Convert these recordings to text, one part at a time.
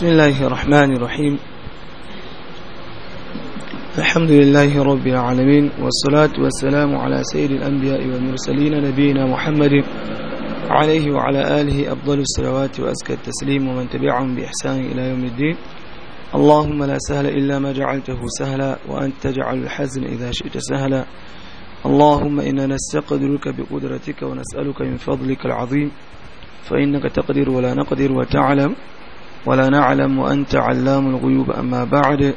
بسم الله الرحمن الرحيم الحمد لله رب العالمين والصلاة والسلام على سيد الأنبياء والمرسلين نبينا محمد عليه وعلى آله أفضل الصلوات وأزكى التسليم ومن تبعهم بإحسان إلى يوم الدين اللهم لا سهل إلا ما جعلته سهلا وأنت تجعل الحزن إذا شئت سهلا اللهم إنا نستقدرك بقدرتك ونسألك من فضلك العظيم فإنك تقدر ولا نقدر وتعلم ولا نعلم وأنت علام الغيوب أما بعد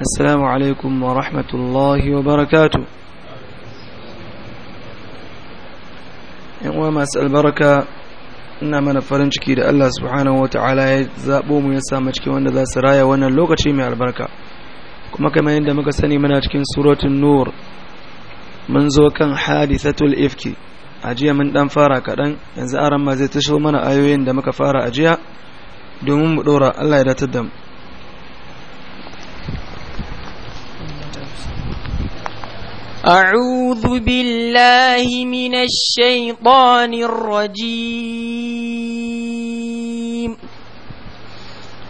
السلام عليكم ورحمة الله وبركاته yanwa masu albarka na mana farin ciki da Allah subhanahu ta'ala ya zaɓo mu ya samu cikin wanda za su raya wannan lokaci mai albarka kuma kamar yadda muka sani mana cikin suratun nur mun zo kan hadisatul ifki a jiya mun ɗan fara kaɗan yanzu aran ma zai tasho mana ayoyin da muka fara a jiya domin mu الله Allah ya datar da mu أعوذ بالله من الشيطان الرجيم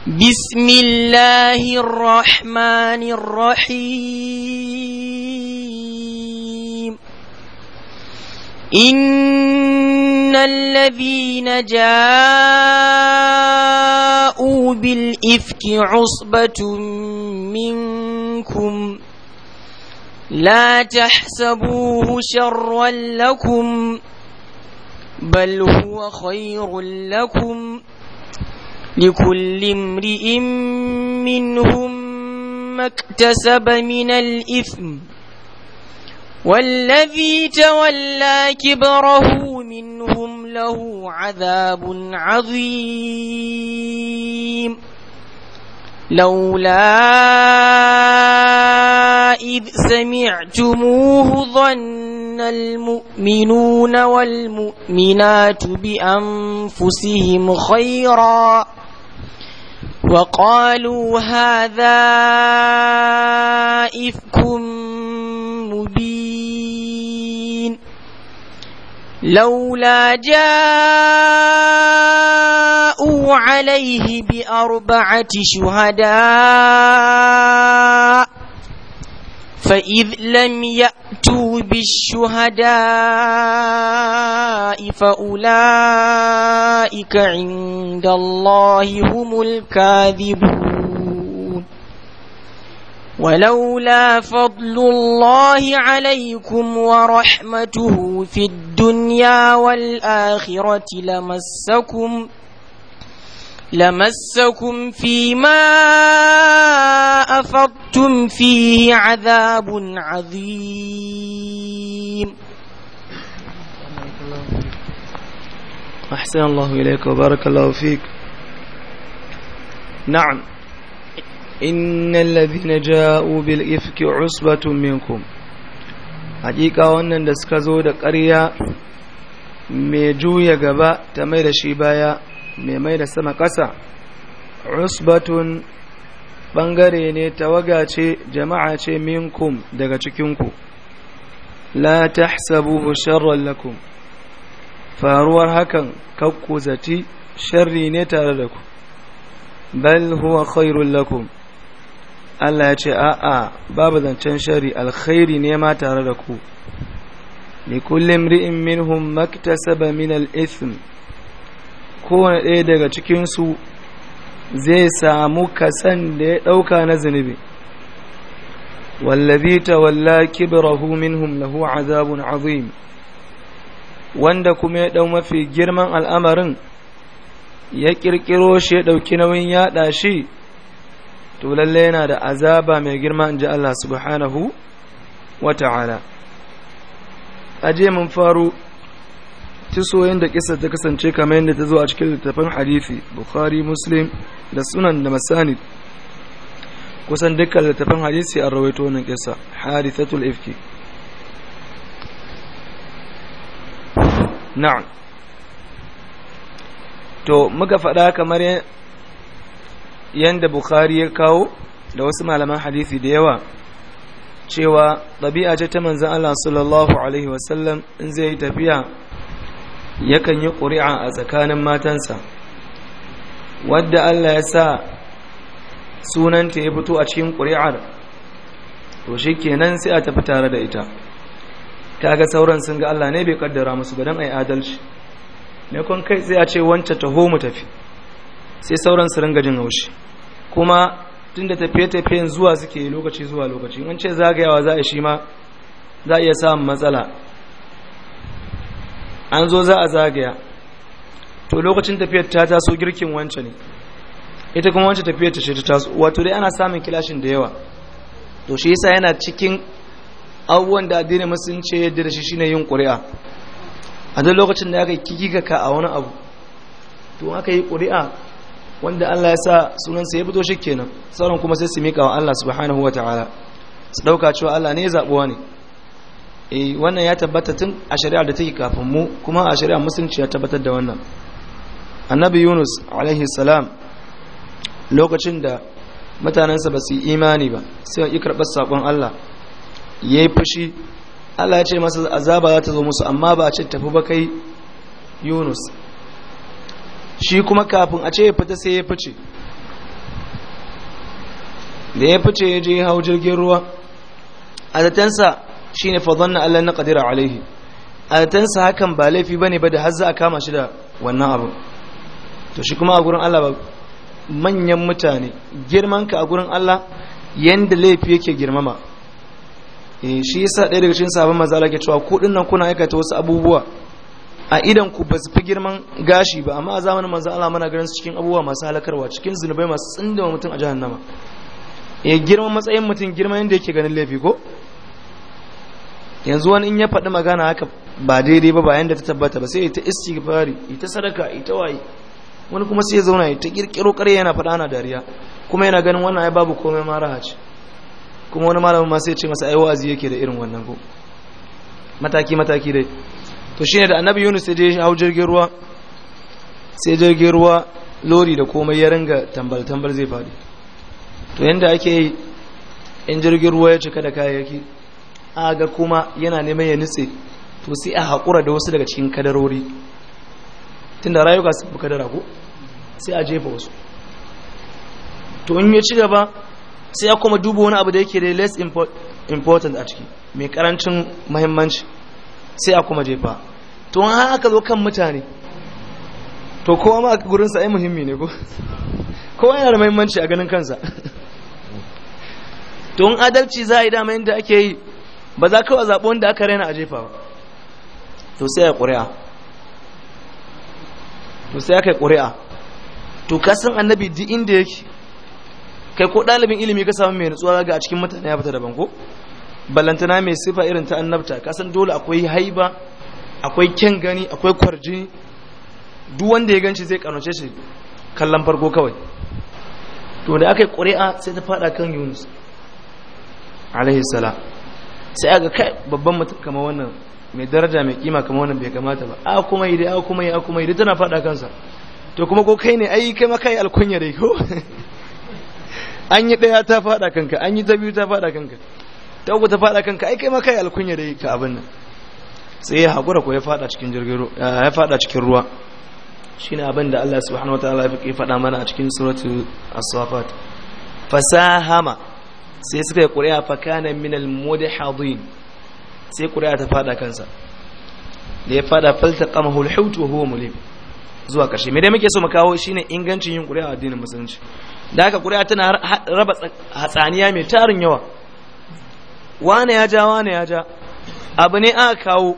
بسم الله الرحمن الرحيم إن الذين جاءوا بالإفك عصبة منكم لا تحسبوه شرا لكم بل هو خير لكم لكل امرئ منهم ما اكتسب من الإثم والذي تولى كبره منهم له عذاب عظيم لولا إذ سمعتموه ظن المؤمنون والمؤمنات بأنفسهم خيرا وقالوا هذا إفكم لولا جاءوا عليه بأربعة شهداء فإذ لم يأتوا بالشهداء فأولئك عند الله هم الكاذبون ولولا فضل الله عليكم ورحمته في الدنيا والآخرة لمسكم لمسكم فيما أفضتم فيه عذاب عظيم أحسن الله إليك وبارك الله فيك نعم In na wannan da إن الذين جاءوا بالإفك عصبة منكم حقيقة وأن دسكزو دقريا baya mai mai da sama ƙasa. عصبة bangare ne tawaga ce jama'a ce minkum daga cikinku la tahsabuhu sharran lakum faruwar hakan kakku zati sharri ne tare da ku bal huwa khairul lakum Allah ya ce a'a babu zancen shari alkhairi ne ma tare da ku ni kulli imri'in minhum maktasaba min al-ithm kowane ɗaya daga cikin su zai samu kasan da ya ɗauka na zunubi wallazi tawalla kibrahu minhum lahu azabun azim wanda kuma ya ɗau mafi girman al'amarin ya ƙirƙiro shi ya ɗauki nauyin yaɗa shi to lalle yana da azaba mai girma in ji Allah subhanahu wa ta'ala aje mun faru tisoyin da kisa ta kasance kamar yadda ta zo a cikin littafin hadisi bukhari muslim da sunan da masanid kusan dukkan littafin hadisi an rawaito wannan kisa harithatul ifki na'am to muka faɗa kamar yanda bukhari ya kawo da wasu malaman hadisi da yawa cewa ɗabi'a ce ta manzan Allah sallallahu alaihi wasallam in zai yi tafiya yakan yi ƙuri'a a tsakanin matansa wadda Allah ya sa sunanta ya fito a cikin ƙuri'ar to shi kenan sai a tafi tare da ita kaga sauran sun ga Allah ne bai kaddara musu ba don a yi adalci ne kai sai a ce wancan taho mu tafi sai sauran su ringa jin haushi kuma tunda tafiye-tafiyen zuwa suke lokaci zuwa lokaci in ce zagayawa za a shi ma za a iya samun matsala an zo za a zagaya to lokacin tafiyar ta taso girkin wancan ne ita kuma wancan tafiyar ta ce ta taso wato dai ana samun kilashin da yawa to shi yasa yana cikin abubuwan da addinin musulunci ya yadda da shi shine yin ƙuri'a a duk lokacin da aka kikika ka a wani abu to aka yi ƙuri'a wanda Allah ya sa sunansa ya fito shi kenan sauran kuma sai su mika wa Allah subhanahu wataala su dauka cewa Allah ne ya zabuwa ne eh wannan ya tabbata tun a shari'a da take kafin mu kuma a shari'a musulunci ya tabbatar da wannan annabi Yunus alaihi salam lokacin da mutanensa ba su yi imani ba sai ya karɓar saƙon Allah ya yi fushi Allah ya ce masa azaba za ta zo musu amma ba a ce tafi ba kai Yunus shi kuma kafin a ce ya fita sai ya fice da ya fice ya je hau jirgin ruwa a zatensa shi ne na Allah na kadira alaihi a zatensa hakan ba laifi ba ne ba da har za a kama shi da wannan abu to shi kuma a gurin Allah ba manyan mutane girmanka a gurin Allah yadda laifi yake girmama eh, shi yasa ɗaya daga cikin sabon maza ke cewa ko nan kuna aikata wasu abubuwa a idan ku ba su fi girman gashi ba amma a zamanin manzan Allah mana ganin su cikin abubuwa masu halakarwa cikin zunubai masu tsindama mutum a jahannama ya eh, girman matsayin mutum girma yadda yake ganin laifi ko yanzu wani in ya faɗi magana haka ba daidai ba bayan da ta tabbata ba sai ita istighfari ita sadaka ita waye wani kuma sai ya zauna ita kirkiro ƙarya yana faɗa ana dariya kuma yana ganin wannan ai babu komai ma raha kuma wani malamin ma sai ya ce masa ai wa'azi yake da irin wannan ko mataki mataki dai to shine da annabi yunus sai ya hau jirgin ruwa sai jirgin ruwa lori da komai ya ringa tambal tambal zai faɗi to yanda ake yi in jirgin ruwa ya cika da kayayyaki ga kuma yana neman ya nitse to sai a haƙura da wasu daga cikin kadarori tunda rayuka su kadara ko sai a jefa wasu to in ya ci gaba sai ya kuma duba wani abu da yake da less important a ciki mai karancin mahimmanci sai a kuma jefa to an haka zo kan mutane to kowa ma gurinsa ai muhimmi ne ko kowa yana da muhimmanci a ganin kansa to in adalci za a yi dama yadda ake yi ba za kawai zaɓi wanda aka raina a jefa ba to sai a ƙuri'a to sai aka yi ƙuri'a to kasan annabi duk inda yake kai ko ɗalibin ilimi ka samu mai nutsuwa ga a cikin mutane ya fita daban ko ballantana mai sifa irin ta annabta kasan dole akwai haiba akwai kyan gani akwai kwarji duk wanda ya ganci zai karnace shi kallon farko kawai to da aka yi ƙuri'a sai ta fada kan yunus alaihi sala sai aga kai babban mutum kama wannan mai daraja mai kima kama wannan bai kamata ba a kuma yi dai a kuma yi a kuma yi dai tana fada kansa to kuma ko kai ne ai kai ma kai alkunya dai ko an yi daya ta fada kanka an yi ta biyu ta fada kanka ta ku ta fada kanka ai kai ma kai alkunya da ka abin nan sai ya hakura ko ya fada cikin jirgin ya fada cikin ruwa shine abin da Allah subhanahu wataala ya fada mana a cikin suratu as-safat fasahama sai suka yi ƙuri'a fa kana min al mudhadhin sai ƙuri'a ta fada kansa da ya fada faltaqamahu al-hut wa huwa mulim zuwa ƙarshe me dai muke so mu kawo shine ingancin yin ƙuri'a addinin musulunci da haka ƙuri'a tana raba hatsaniya mai tarin yawa wane ya ja wane ya ja abu ne aka kawo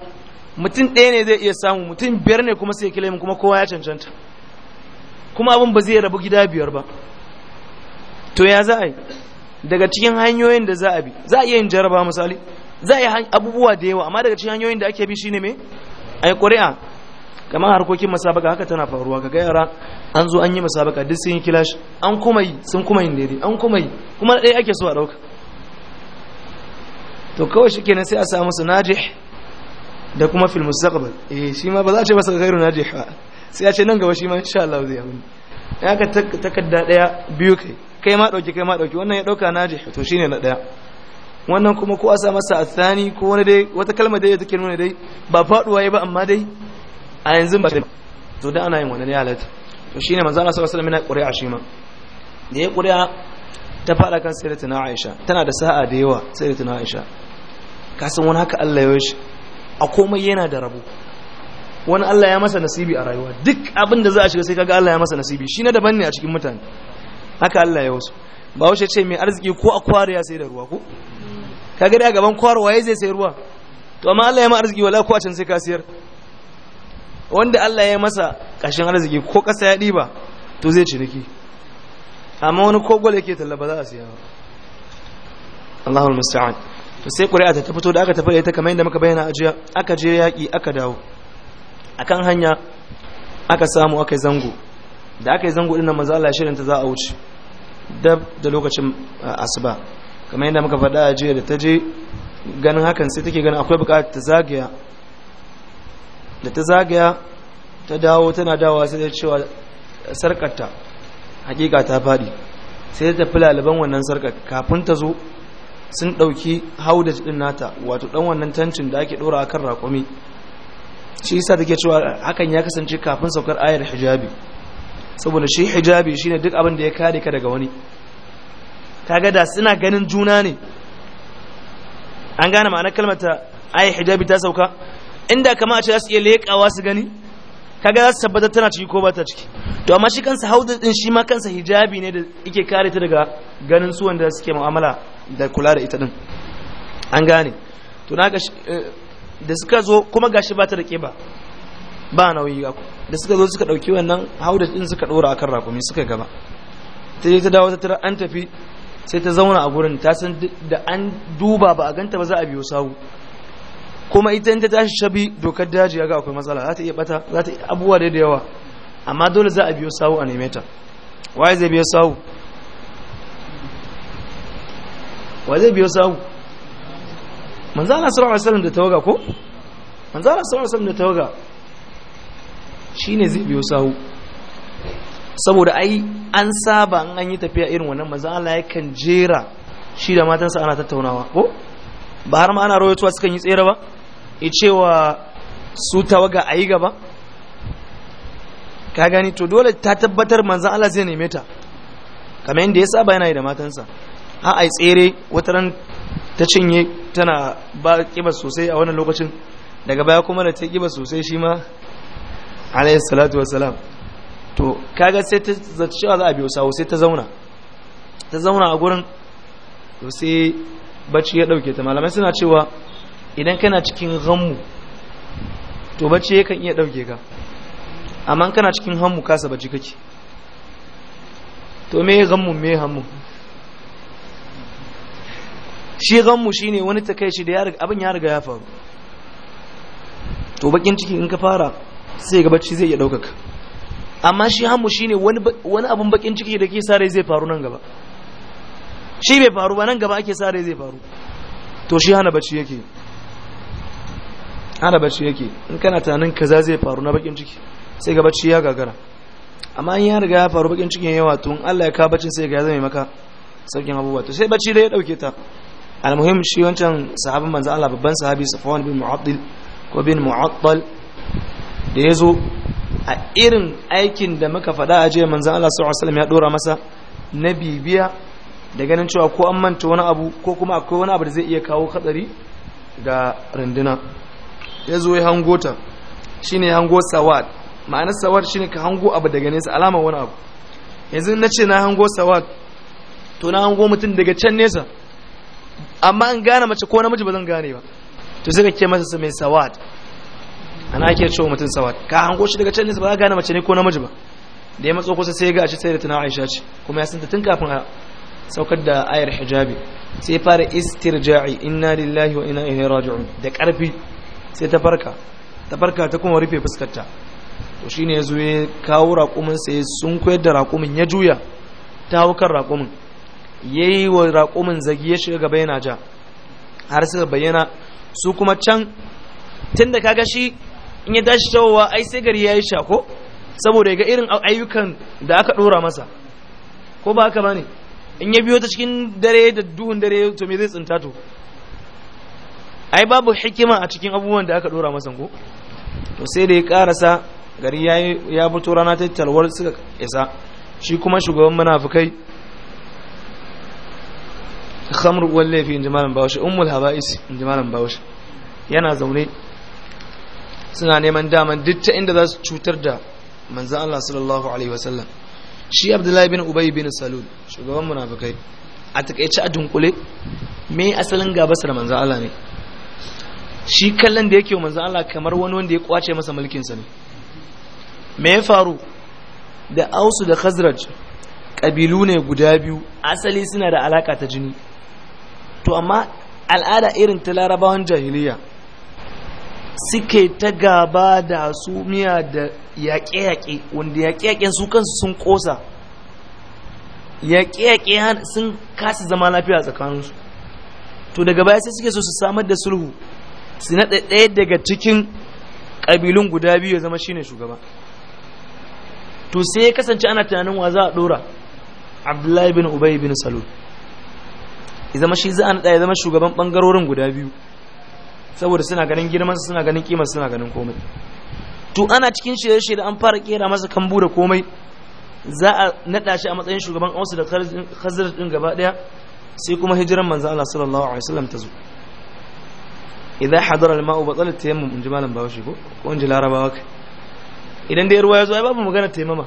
mutum ɗaya ne zai iya samu mutum biyar ne kuma sai kilimin kuma kowa ya cancanta kuma abin ba zai rabu gida biyar ba to ya za a yi daga cikin hanyoyin da za a bi za a iya yin jaraba misali za a yi abubuwa da yawa amma daga cikin hanyoyin da ake bi shine me a yi ƙuri'a kamar harkokin masabaka haka tana faruwa ga yara an zo an yi masabaka duk sun yi kilashi an kuma yi sun kuma yin daidai an kuma yi kuma ɗaya ake so a ɗauka to kawai shi kenan sai a samu su najih da kuma fil mustaqbal eh shi ma ba za a ce masa gairu najih ba sai a ce nan gaba shi ma insha Allah zai amin ya ka takarda daya biyu kai kai ma dauki kai ma dauki wannan ya dauka najih to shine na daya wannan kuma ko a sa masa athani ko wani dai wata kalma dai take nuna dai ba faduwa ba amma dai a yanzu ba to da ana yin wannan ya halatta to shine manzo Allah sallallahu alaihi wasallam yana ƙuri'a shi ma da ya ƙuri'a ta fada kan sayyidatuna Aisha tana da sa'a da yawa sayyidatuna Aisha kasan wani haka Allah ya shi a komai yana da rabo wani Allah ya masa nasibi a rayuwa duk abin da za a shiga sai kaga Allah ya masa nasibi shi na daban ne a cikin mutane haka Allah ya wasu ba wasu ce mai arziki ko a ya sai da ruwa ko ka gada gaban kwarowa ya zai sai ruwa to amma Allah ya ma arziki wala ko a can sai ka siyar wanda Allah ya masa kashin arziki ko kasa ya ɗiba to zai ciniki amma wani kogol yake talla ba za a siya ba Allahul musta'an to sai ƙuri'a ta fito da aka tafi da ita kamar yadda muka bayyana ajiya aka je yaƙi aka dawo akan hanya aka samu aka yi zango da aka yi zango ɗin nan manzo Allah shirin ta za a wuce dab da lokacin uh, asuba kamar yadda muka faɗa ajiya da ta je ganin hakan sai take ganin akwai buƙatar ta zagaya da ta zagaya ta dawo tana dawowa sai ta cewa sarkarta hakika ta faɗi sai ta tafi laliban wannan sarkar kafin ta zo sun ɗauki haudat ɗin nata wato ɗan wannan tancin da ake ɗora kan raƙumi shi yasa take cewa hakan ya kasance kafin saukar ayar hijabi saboda shi hijabi shine duk abin da ya kare ka daga wani kaga da suna ganin juna ne an gane ma'anar kalmata, ta hijabi ta sauka inda kama a ce za su iya leƙawa su gani kaga za su tabbatar tana ciki ko ba ta ciki to amma shi kansa haudu din shi ma kansa hijabi ne da yake kare ta daga ganin su wanda suke mu'amala da kula da ita din an gane to na eh, da suka zo kuma gashi ba ta da ba ba nauyi ga da suka zo suka dauki wannan haudu din suka dora akan rakumi suka gaba ta je ta dawo ta tara an tafi sai ta zauna a gurin ta san da an duba ba a ganta ba za a biyo sawu kuma ita in ta tashi shabi dokar daji ga akwai matsala za ta iya bata za ta iya abubuwa da yawa amma dole za a biyo sawu a neme ta waye zai biyo sawu waye zai biyo sawu manzo Allah sallallahu alaihi wasallam da tawaga ko manzo Allah sallallahu alaihi wasallam da tawaga shine zai biyo sawu saboda ai an saba an an yi tafiya irin wannan manzo Allah kan jera shi da matansa ana tattaunawa ko ba har ma ana rawaitowa sukan yi tsere ba ya cewa su tawaga a yi gaba ka gani to dole ta tabbatar manzan Allah zai neme ta kamar yadda ya saba yana yi da matansa ha a tsere wata ran ta cinye tana ba kiba sosai a wannan lokacin daga baya kuma da ta kiba sosai shi ma alayhi salatu wassalam to kaga sai ta cewa za a biyo sawo sai ta zauna ta zauna a gurin to sai bacci ya dauke ta malamai suna cewa idan kana cikin hannu to bacci yakan iya ɗauke ka amma kana cikin hammu kasa bacci kake to me ghammu me hammu shi shi shine wani shi da ya abin ya riga ya faru to bakin ciki in ka fara sai ga bacci zai iya ɗaukaka amma shi hammu shine wani abin bakin ciki da ke sare zai faru nan gaba shi bai faru ba nan gaba ake sare zai faru to shi hana bacci yake ana bacci yake in kana tunanin kaza zai faru na bakin ciki sai ga bacci ya gagara amma in ya riga ya faru bakin cikin yawa tun Allah ya ka baccin sai ga ya zame maka saukin abubuwa to sai bacci dai ya dauke ta almuhim shi wancan sahabin manzo Allah babban sahabi Safwan bin Mu'addil ko bin Mu'attal da yazo a irin aikin da muka faɗa a jiya manzo Allah sallallahu alaihi wasallam ya dora masa na bibiya da ganin cewa ko an manta wani abu ko kuma akwai wani abu da zai iya kawo hatsari ga runduna ya zo ya hango ta shi ne hango sawad ma'anar sawad ne ka hango abu daga nesa alama wani abu yanzu na ce na hango sawad to na hango mutum daga can nesa amma an gane mace ko namiji ba zan gane ba to sai ke masa mai sawad ana ake cewa mutum sawad ka hango shi daga can nesa ba za gane mace ne ko namiji ba da ya matso kusa sai ya ga a ci sai da tana aisha ce kuma ya santa tun kafin a saukar da ayar hijabi sai fara istirja'i inna lillahi wa inna ilaihi raji'un da karfi sai ta farka ta farka ta kuma rufe fuskarta to shine yazo ya kawo raƙumin sai sun koyar da raƙumin ya juya ta hau kan raƙumin yayi wa raƙumin zagi ya shiga gaba yana ja har suka bayyana su kuma can tunda kaga shi in ya tashi tawowa ai sai gari yayi shako saboda ya ga irin ayyukan da aka ɗora masa ko ba haka bane in ya biyo ta cikin dare da duhun dare to me zai tsinta to ai babu hikima a cikin abubuwan da aka dora masa ko to sai da ya karasa gari ya fito rana ta talwar suka isa shi kuma shugaban munafikai khamr uwan laifi in ji malam bawashi ummul haba'is in ji malam bawashi yana zaune suna neman daman duk ta inda za su cutar da manzan Allah sallallahu alaihi wasallam shi abdullahi bin ubay bin salul shugaban munafikai a takeice a dunkule me asalin gabasa da manzan Allah ne shi kallon da yake manzan Allah kamar wani wanda ya kwace masa mulkinsa ne me ya faru da ausu da khazraj ƙabilu ne guda biyu asali suna da alaka ta jini to amma al'ada irin ta larabawan jahiliya suke ta gaba da su miya da yaƙe-yaƙe wanda yaƙe-yaƙe su kansu sun ƙosa yaƙe-yaƙe sun kasa zama lafiya tsakaninsu to daga baya sai suke so su samar da sulhu su naɗa ɗaya daga cikin ƙabilun guda biyu ya zama ne shugaba to sai ya kasance ana tunanin wa za a ɗora abdullahi bin ubay bin salul ya zama shi za a naɗa ya zama shugaban ɓangarorin guda biyu saboda suna ganin girman suna ganin kimar suna ganin komai to ana cikin shirye-shirye an fara kera masa kambu da komai za a naɗa shi a matsayin shugaban ausu da khazir din gaba ɗaya sai kuma hijiran manzo Allah sallallahu alaihi wasallam ta zo Idan hadara al-ma'u batala tayammum in ji malam bawashi ko ko in ji larabawa kai idan da ruwa ya zo ai babu magana taimama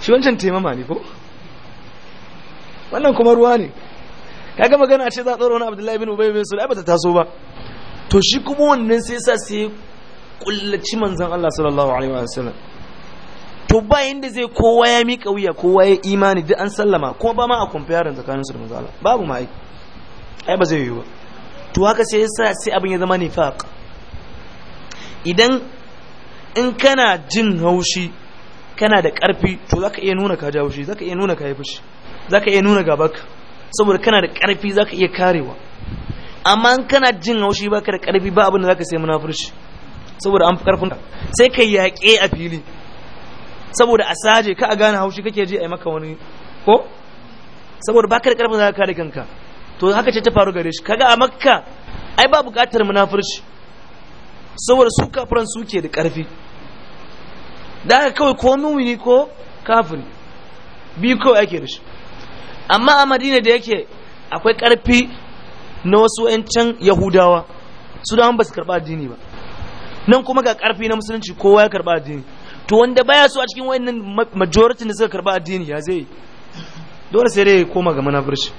shi wancan taimama ne ko wannan kuma ruwa ne kaga magana a ce za a tsoro na abdullahi bin ubay bin sulai ba ta taso ba to shi kuma wannan sai sa sai kullaci manzon Allah sallallahu alaihi wa sallam to ba yanda zai kowa ya mika wuya kowa ya imani duk an sallama kuma ba ma a comparing tsakanin su da manzon Allah babu ma ai ai ba zai yi ba to haka sai yasa sai abin ya zama nifaq idan in kana jin haushi kana da karfi to zaka iya nuna ka ja haushi zaka iya nuna ka yi fushi zaka iya nuna gabaka saboda kana da karfi zaka iya karewa amma in kana jin haushi baka da karfi ba abin da zaka sai munafurci saboda an fi karfin sai ka yaƙe a fili saboda a saje ka a gane haushi kake ji a yi maka wani ko saboda baka da karfin zaka kare kanka to haka ce ta faru gare shi kaga a makka ai ba bukatar munafurci saboda su kafiran suke da karfi da haka kawai ko mumini ko kafiri biyu kawai ake da shi amma a madina da yake akwai karfi na wasu 'yancan yahudawa su da ba su karɓa addini ba nan kuma ga karfi na musulunci kowa ya karɓa addini to wanda baya so a cikin wayannan majority da suka karɓa addini ya zai dole sai dai koma ga munafurci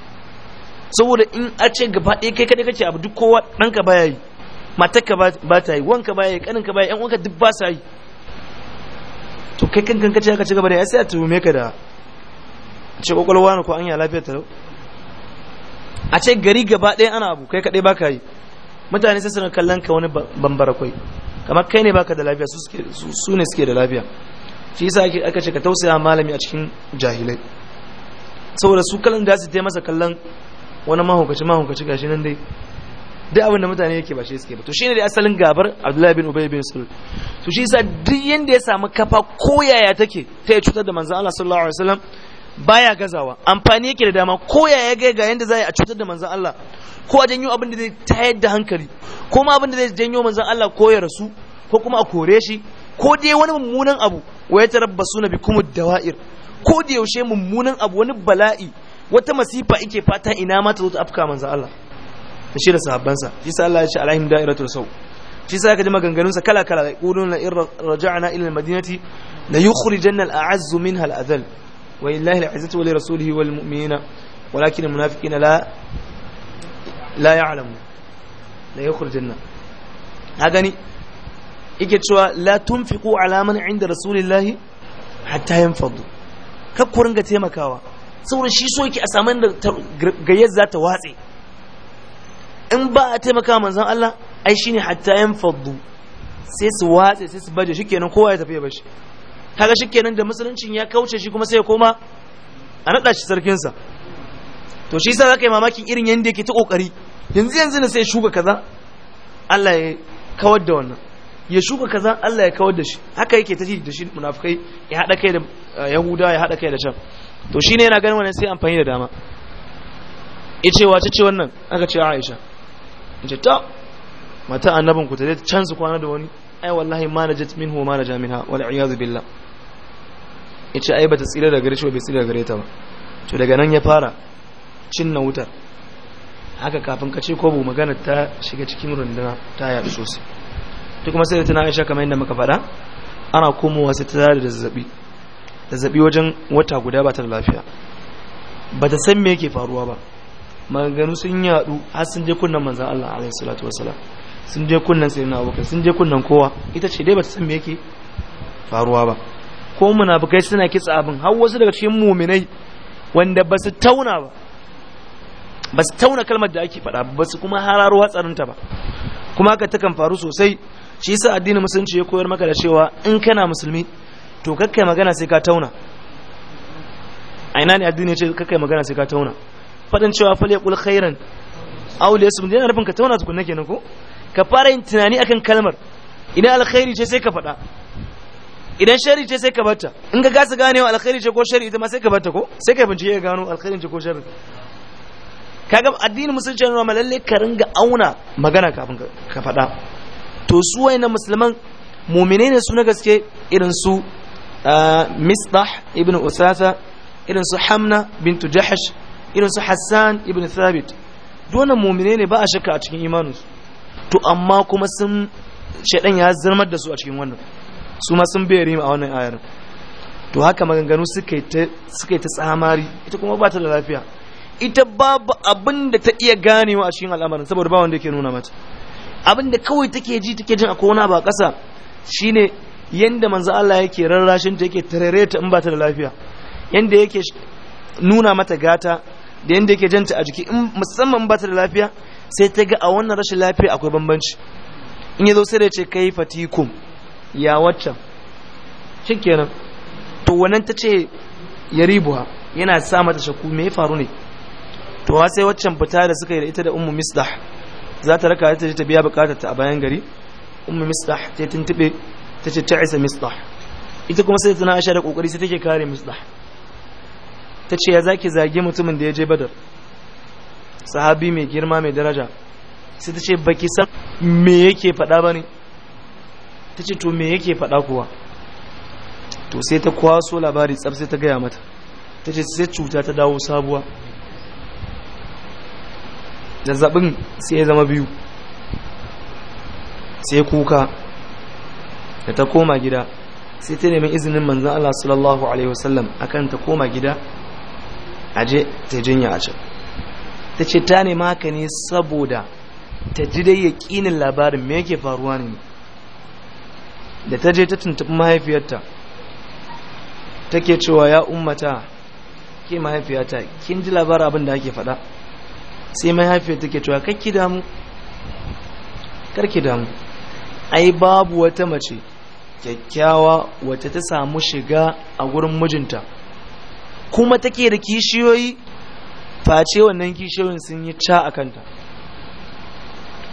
saboda in a ce gaba ɗaya kai kaɗai kace abu duk kowa ɗanka baya yi matarka ba ta yi wanka baya yi ƙaninka baya yi ƴan wanka duk ba sa yi to kai kan kan kace ka ci gaba da ya sai a tuhume ka da ce kwakwalwa na ko an yi lafiya ta a ce gari gaba ɗaya ana abu kai kaɗai baka yi mutane sai suna kallon ka wani bambara kwai kamar kai ne baka da lafiya su ne suke da lafiya shi yasa aka ce ka tausaya malami a cikin jahilai saboda su kallon da su taimasa kallon wani mahaukaci mahaukaci gashi nan dai duk abinda mutane yake ba shi suke ba to shine da asalin gabar Abdullahi bin Ubay bin Sulul to shi sa duk yanda ya samu kafa ko yaya take ta ya cutar da manzon Allah sallallahu alaihi wasallam baya gazawa amfani yake da dama ko yaya ga ga yanda zai a cutar da manzon Allah ko a janyo abin da zai tayar da hankali ko ma abin da zai janyo manzon Allah ko ya rasu ko kuma a kore shi ko dai wani mummunan abu wa ya tarabbasu na bikumud dawa'ir ko da yaushe mummunan abu wani bala'i wata masifa ike fata ina ma ta zo ta afka manzan Allah da shi da sahabbansa shi sa Allah ya ce alaihim da'iratul shi sa ka ji maganganun sa kala kala yaquluna in raja'na ila la yukhrijanna minha wa wa li rasulihi wal mu'minina walakin la la ya'lamu la yukhrijanna yake cewa la tunfiqu ala man 'inda rasulillahi hatta yanfadu kakkurin ga taimakawa saboda shi so yake a samun da gayyar za ta watse in ba a taimaka manzan Allah ai ne hatta yan faddu sai su watse sai su baje shikenan kowa ya tafi ya bashi kaga shikenan da musuluncin ya kauce shi kuma sai ya koma a naɗa shi sarkinsa to shi sa zaka yi mamakin irin yadda yake ta kokari yanzu yanzu ne sai shuka kaza Allah ya kawar da wannan ya shuka kaza Allah ya kawar da shi haka yake ta ji da shi munafikai ya hada kai da eh, yahuda ya hada kai da shan to shine yana ganin wannan sai amfani da dama ice wace ce wannan aka ce Aisha ce ta mata annabin ku ta zai canza kwana da wani ai wallahi ma najat minhu ma naja minha wal iyaz billah ice ai bata tsira daga gare shi ba bai tsira daga gare ba to daga nan ya fara cinna wutar haka kafin ka ce ko bu magana ta shiga cikin runduna ta yaɗu sosai to kuma sai da tana Aisha kamar yadda muka faɗa ana komowa sai ta da zazzabi zazzabi wajen wata guda ba ta da lafiya ba ta san me yake faruwa ba maganganu sun yadu har sun je kunnan manzan Allah alaihi salatu wasalam sun je kunnan sayyidina abubakar sun je kunnan kowa ita ce dai ba ta san me yake faruwa ba ko munafikai suna kitsa abin har wasu daga cikin muminai wanda ba su tauna ba ba su tauna kalmar da ake faɗa ba su kuma hararo hatsarinta ba kuma haka takan faru sosai shi yasa addinin musulunci ya koyar maka da cewa in kana musulmi to kakkai magana sai ka tauna aina ina ne addini ce kakkai magana sai ka tauna fadin cewa fal yaqul khairan aw la yasmut yana nufin ka tauna tukunna kenan ko ka fara yin tunani akan kalmar idan alkhairi ce sai ka faɗa idan shari ce sai ka bata in ka gasa ganewa alkhairi ce ko shari ita ma sai ka bata ko sai ka bincike ya gano alkhairi ce ko shari kaga addinin musulunci ne ma lalle ka ringa auna magana kafin ka faɗa to su wayannan musulman mu'mine ne su na gaske irin su mistah ibn usasa irin su hamna bintu jahash irin su hassan ibn thabit dole mumine ne ba a shakka a cikin imaninsu to amma kuma sun shaɗan ya zarmar da su a cikin wannan su ma sun bayar a wannan ayar to haka maganganu suka yi ta tsamari ita kuma ba ta da lafiya ita babu abin da ta iya ganewa a cikin al'amarin saboda ba wanda yake nuna mata abin da kawai take ji take jin akwai wani ba ƙasa shine yanda manzo Allah yake rarrashin ta yake tarare ta in ba ta da lafiya yanda yake nuna mata gata da yanda yake janta a jiki musamman ba ta da lafiya sai ta ga a wannan rashin lafiya akwai bambanci in ya zo sai da ce kai fatikum ya waccan kenan. to wannan ta ce ya ribuwa yana sa mata shakku me ya faru ne to wa sai waccan fita da suka yi da ita da ummu misdah za ta raka ta je ta biya bukatar ta a bayan gari ummu misdah ta tuntube ta ce ta isa mislah ita kuma sai tana aisha da kokari sai take kare mislah ta ce ya zaki zage mutumin da ya je badar sahabi mai girma mai daraja sai ta ce baki san me yake faɗa ba ne ta ce to me yake faɗa kuwa to sai ta kwaso labari tsab sai ta gaya mata ta ce sai cuta ta dawo sabuwa zazzabin sai ya zama biyu sai kuka da ta koma gida sai ta nemi izinin manzan Allah sallallahu alaihi wasallam akan ta koma gida a je ta jinya a can ta ce ta nema haka ne saboda ta ji dai yaƙinin labarin me yake faruwa ne da ta je ta tuntuɓi mahaifiyarta ta ke cewa ya ummata ke mahaifiyarta kin ji labarin abin da ake faɗa sai mahaifiyar ke cewa kakki damu karki damu ai babu wata mace kyakkyawa wata ta samu shiga a gurin mijinta kuma take da kishiyoyi face wannan kishiyoyin sun yi ca a kanta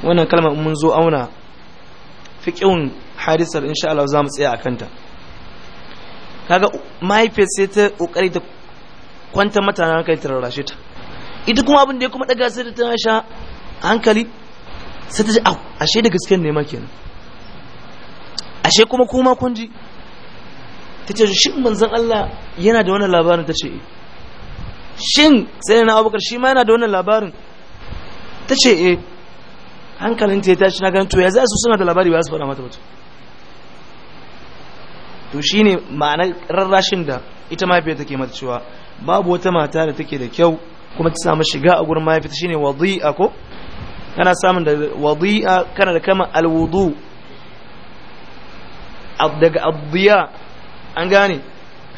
wannan kalmar mun zo auna fiƙin hadisar insha Allah za mu tsaya a kanta kaga mahaifiyar sai ta ƙoƙari ta kwanta mata na hankali ta rarrashe ta ita kuma abin da ya kuma daga sai ta sha hankali sai ta ji au ashe da gaskiyar nema kenan ashe kuma kuma kun ji ta ce shin manzan Allah yana da wannan labarin ta ce eh. shin sai na abubakar shi ma yana da wannan labarin ta ce eh hankalin ta ya tashi na ganin to ya za su suna da labari ba su fara mata mutu to shi ne ma'anar rarrashin da ita mahaifiyar take mata cewa babu wata mata da take da kyau kuma ta samu shiga a gurin mahaifiyar shi ne wadi'a ko kana samun da wadi'a kana da kama alwudu daga abdiya an gane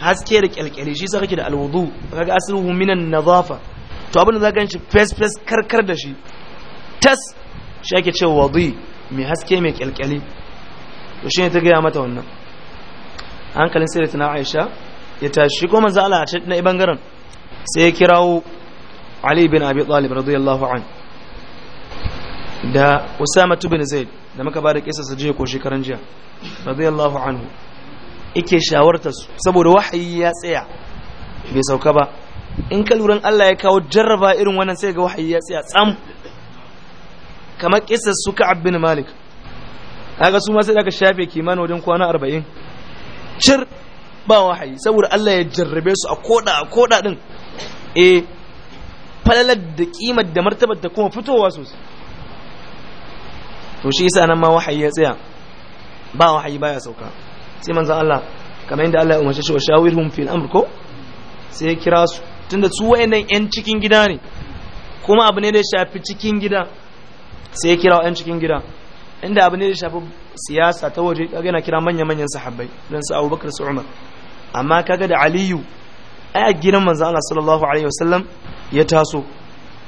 haske da kyalkyali shi sa kake da alwudu kaga asluhu minan nadafa to abin da za ganci face face karkar da shi tas shi ake cewa wadi mai haske mai kyalkyali to shine ta gaya mata wannan hankalin sai da tana Aisha ya tashi ko manzo Allah a ce na bangaren sai ya kirawo Ali bin Abi Talib radiyallahu an da Usama bin Zaid da muka ba da kisarsa jiya ko shekaran jiya radiyallahu anhu ike shawarta su saboda wahayi ya tsaya bai sauka ba in ka lura Allah ya kawo jarraba irin wannan sai ga wahayi ya tsaya tsam kamar kisar su Ka'ab bin Malik kaga su ma sai daga shafe kimanin wajen kwana arba'in cir ba wahayi saboda Allah ya jarrabe su a koda a koda din eh falalar da kimar da martabar da kuma fitowa sosai to shi yasa nan ma wahayi ya tsaya ba wahayi baya sauka sai manzo Allah kamar yadda Allah ya umarce shi wa shawirhum fil amr ko sai ya kira su tunda su wayannan yan cikin gida ne kuma abu ne da ya shafi cikin gida sai ya kira yan cikin gida inda abu ne da shafi siyasa ta waje kaga yana kira manya-manyan sahabbai dan su abubakar su umar amma kaga da aliyu a gidan manzo Allah sallallahu alaihi wasallam ya taso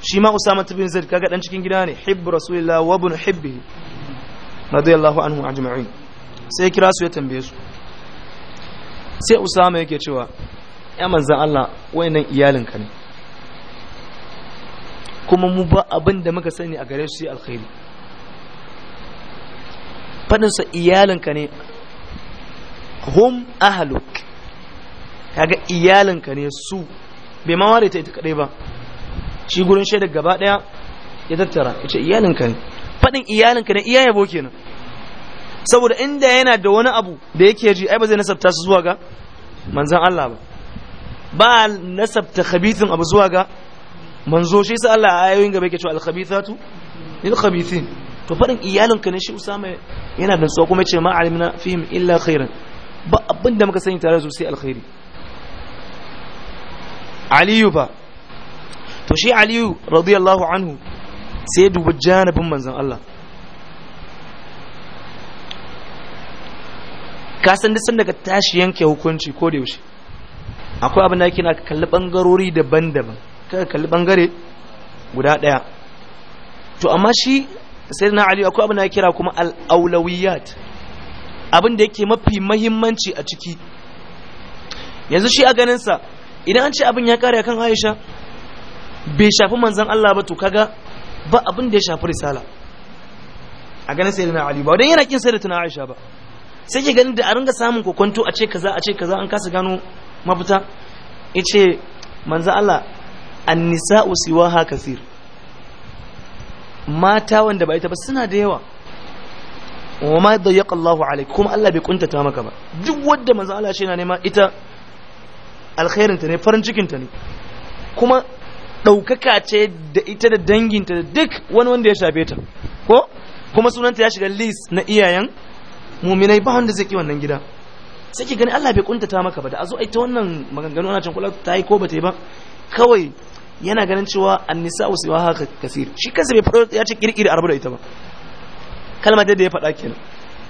shi ma usama tabin zai kaga dan cikin gida ne hibbu rasulillah wa ibn hibbi radiyallahu anhu ajma'in sai kira su ya tambaye su sai usama yake cewa ya manzan Allah wayannan ka ne kuma mu ba abin da muka sani a gare su sai alkhairi iyalin ka ne hum ahluk kaga ka ne su bai ma ware ta ita kadai ba shi gurin shaida gaba daya ya tattara ya ce iyalinka ne faɗin iyalinka ne iya yabo kenan saboda inda yana da wani abu da yake ji ai ba zai nasabta su zuwa ga manzan Allah ba ba nasabta khabithin abu zuwa ga manzo shi sa Allah ayoyin gaba yake cewa al-khabithatu lil khabithin to faɗin iyalinka ne shi Usama yana da tsoko kuma ya ce ma alimna fihim illa khairan ba abinda muka sani tare da su sai alkhairi Aliyu ba. to shi aliyu radiyallahu anhu sai dubi janibin manzan Allah ka san duk daga tashi yanke hukunci ko da yaushe akwai abin da yake na kalli bangarori daban-daban kaga kalli bangare guda daya to amma shi sai na Aliyu, akwai abin da yake kira kuma al-awlawiyat abin da yake mafi muhimmanci a ciki yanzu shi a ganin sa idan an ce abin ya kare kan Aisha bai shafi manzan Allah ba to kaga ba abin da ya shafi risala a ganin sai da Ali ba don yana kin sai da tuna Aisha ba sai ke ganin da a ringa samun kokonto a ce kaza a ce kaza an kasa gano mafita yace manzan Allah an usiwa ha kasir mata wanda ba ita ba suna da yawa wa ma dayyaqa Allahu alaikum kuma Allah bai kuntata maka ba duk wanda manzan Allah shi yana nema ita alkhairinta ne farin cikinta ne kuma ɗaukaka ce da ita da danginta da duk wani wanda ya shafe ta ko kuma sunanta ya shiga list na iyayen muminai ba wanda zai ki wannan gida sai ki gani Allah bai kuntata maka ba da azo ai ta wannan maganganu ana can kula ta yi ko ba ta yi ba kawai yana ganin cewa annisa usiwa haka kasir shi kansa bai fara ya ce kirkiri arabu da ita ba kalmar da ya fada kenan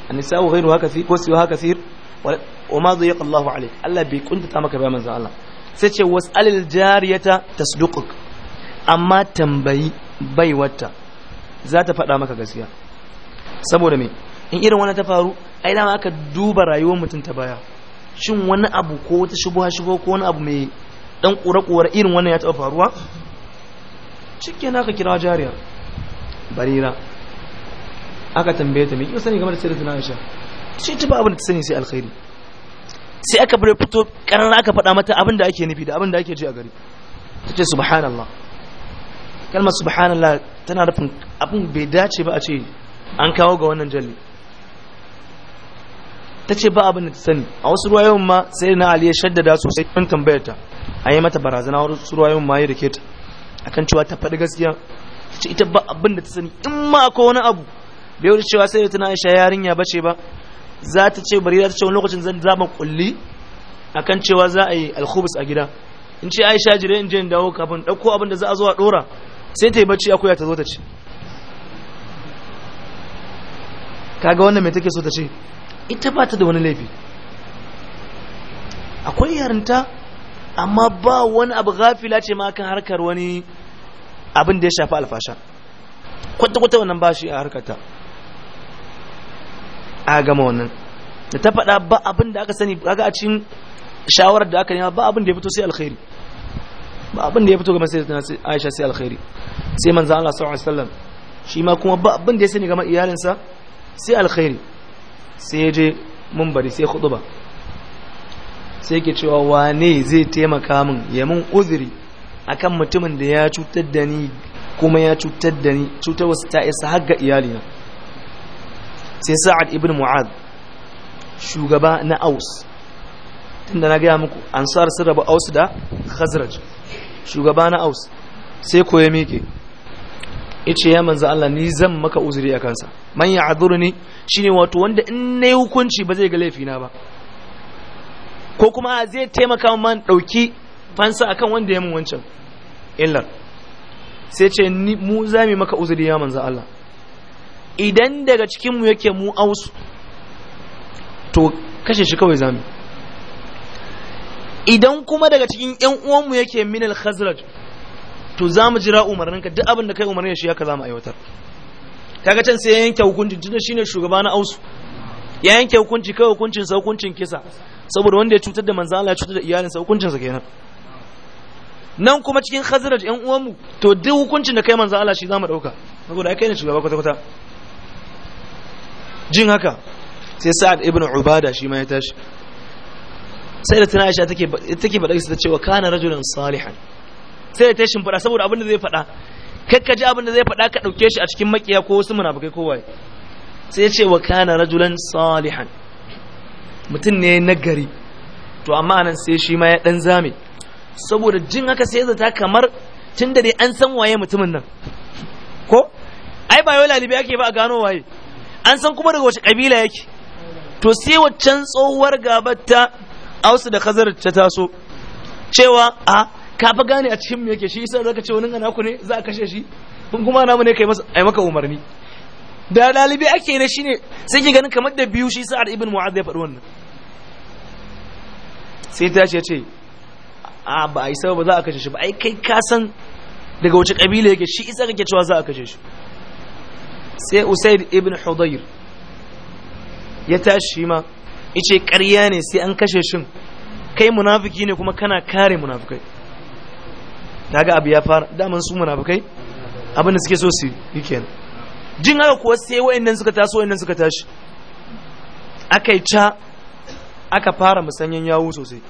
annisa ghayru haka fi ko siwa haka kasir wa ma zayyaka Allahu alayk Allah bai kuntata maka ba manzo Allah sai ce was'alil jariyata Sudukuk, amma tambayi bai wata za ta faɗa maka gaskiya saboda me in irin wani ta faru ai dama aka duba rayuwar mutum ta baya shin wani abu ko wata shubuwa shubuwa ko wani abu mai dan kura-kura irin wannan ya taɓa faruwa cikin aka kira jariyar barira aka tambaye ta me kika sani game da tunanin sha shi tuba abin da ta sani sai alkhairi sai aka bar fito karara aka faɗa mata abin da ake nufi da abin da ake ji a gari ta ce subhanallah kalmar subhanallah tana rufin abin bai dace ba a ce an kawo ga wannan jalli ta ce ba abin da ta sani a wasu ruwayoyin ma sai na ali ya shaddada sosai tun tambayar ta an yi mata barazana a wasu ruwayoyin ma ya rike ta akan cewa ta faɗi gaskiya ta ce ita ba abin da ta sani in ma akwai wani abu bai wuce cewa sai da tana aisha yarinya bace ba za ta ce bari za ta ce wani lokacin zan zama kulli akan cewa za a yi alkhubus a gida in ce aisha jire in je in dawo kafin ɗauko abin da za a zo a ɗora sai ta yi bacci akuya ta zo ta ce kaga wannan mai take so ta ce ita ba ta da wani laifi akwai yarinta amma ba wani abu gafila ce ma kan harkar wani abin da ya shafi alfasha kwata-kwata wannan ba shi a harkarta a gama wannan da ta faɗa ba abin da aka sani kaga a cikin shawarar da aka nema ba abin da ya fito sai alkhairi ba abin da ya fito game sai Aisha sai alkhairi sai manzo Allah sallallahu alaihi wasallam shi ma kuma ba abin da ya sani game iyalinsa sai alkhairi sai je munbari sai khutba sai yake cewa wane zai taimaka min ya mun uzuri akan mutumin da ya cutar da ni kuma ya cutar da ni cutar wasu ta isa har ga iyalina sai sa'ad ibn mu'ad shugaba na aus tunda na gaya muku ansar sun rabu aus da khazraj shugaba na aus sai koya miƙe yace ya manzo Allah ni zan maka uzuri a kansa man ya'dhuruni shine wato wanda in nayi hukunci ba zai ga laifina ba ko kuma zai taimaka man ɗauki fansa akan wanda ya mun wancan illar sai ce mu za maka uzuri ya manzo Allah idan daga cikinmu yake mu ausu to kashe shi kawai zamu idan kuma daga cikin yan uwanmu yake min al-khazraj to za mu jira umarninka duk abin da kai umarnin shi haka za mu aiwatar kaga can sai ya yanke hukunci tunda shine shugaba na ausu ya yanke hukunci kai hukuncin sa hukuncin kisa saboda wanda ya cutar da manzo Allah ya cutar da iyalinsa hukuncin sa kenan nan kuma cikin khazraj yan uwanmu to duk hukuncin da kai manzo Allah shi za mu dauka saboda kai ne shugaba kwata kwata jin haka sai sa'ad ibn ubada shi ma ya tashi sai da tana aisha take faɗa su ta cewa kana rajulan salihan sai da tashin faɗa saboda abin da zai faɗa kakka ji abin da zai faɗa ka ɗauke shi a cikin makiya ko wasu munafukai ko waye sai ya ce wa kana rajulan salihan mutum ne nagari to amma nan sai shi ma ya ɗan zame saboda jin haka sai zata kamar tun da dai an san waye mutumin nan ko ai ba yau lalibi ake ba a gano waye an san kuma daga wace kabila yake to sai waccan tsohuwar gabata ausu da khazar ta taso cewa a ka fa gane a cikin me yake shi sai zaka ce wani ana ne za a kashe shi kun kuma namu ne kai masa ai maka umarni da dalibi ake ne shine sai ki ganin kamar da biyu shi sa'ad ibn mu'adh ya faɗi wannan sai ta ce ce a ba ai sai ba za a kashe shi ba ai kai ka san daga wace kabila yake shi isa kake cewa za a kashe shi sai usaid ibn hudayr ya tashi ma yace ƙarya ne sai an kashe shin kai munafiki ne kuma kana kare munafikai kaga abu ya fara daman su munafikai abin da suke so su yi kenan jin haka kuwa sai wayannan suka taso wayannan suka tashi aka yi ca aka fara musanyen yawu sosai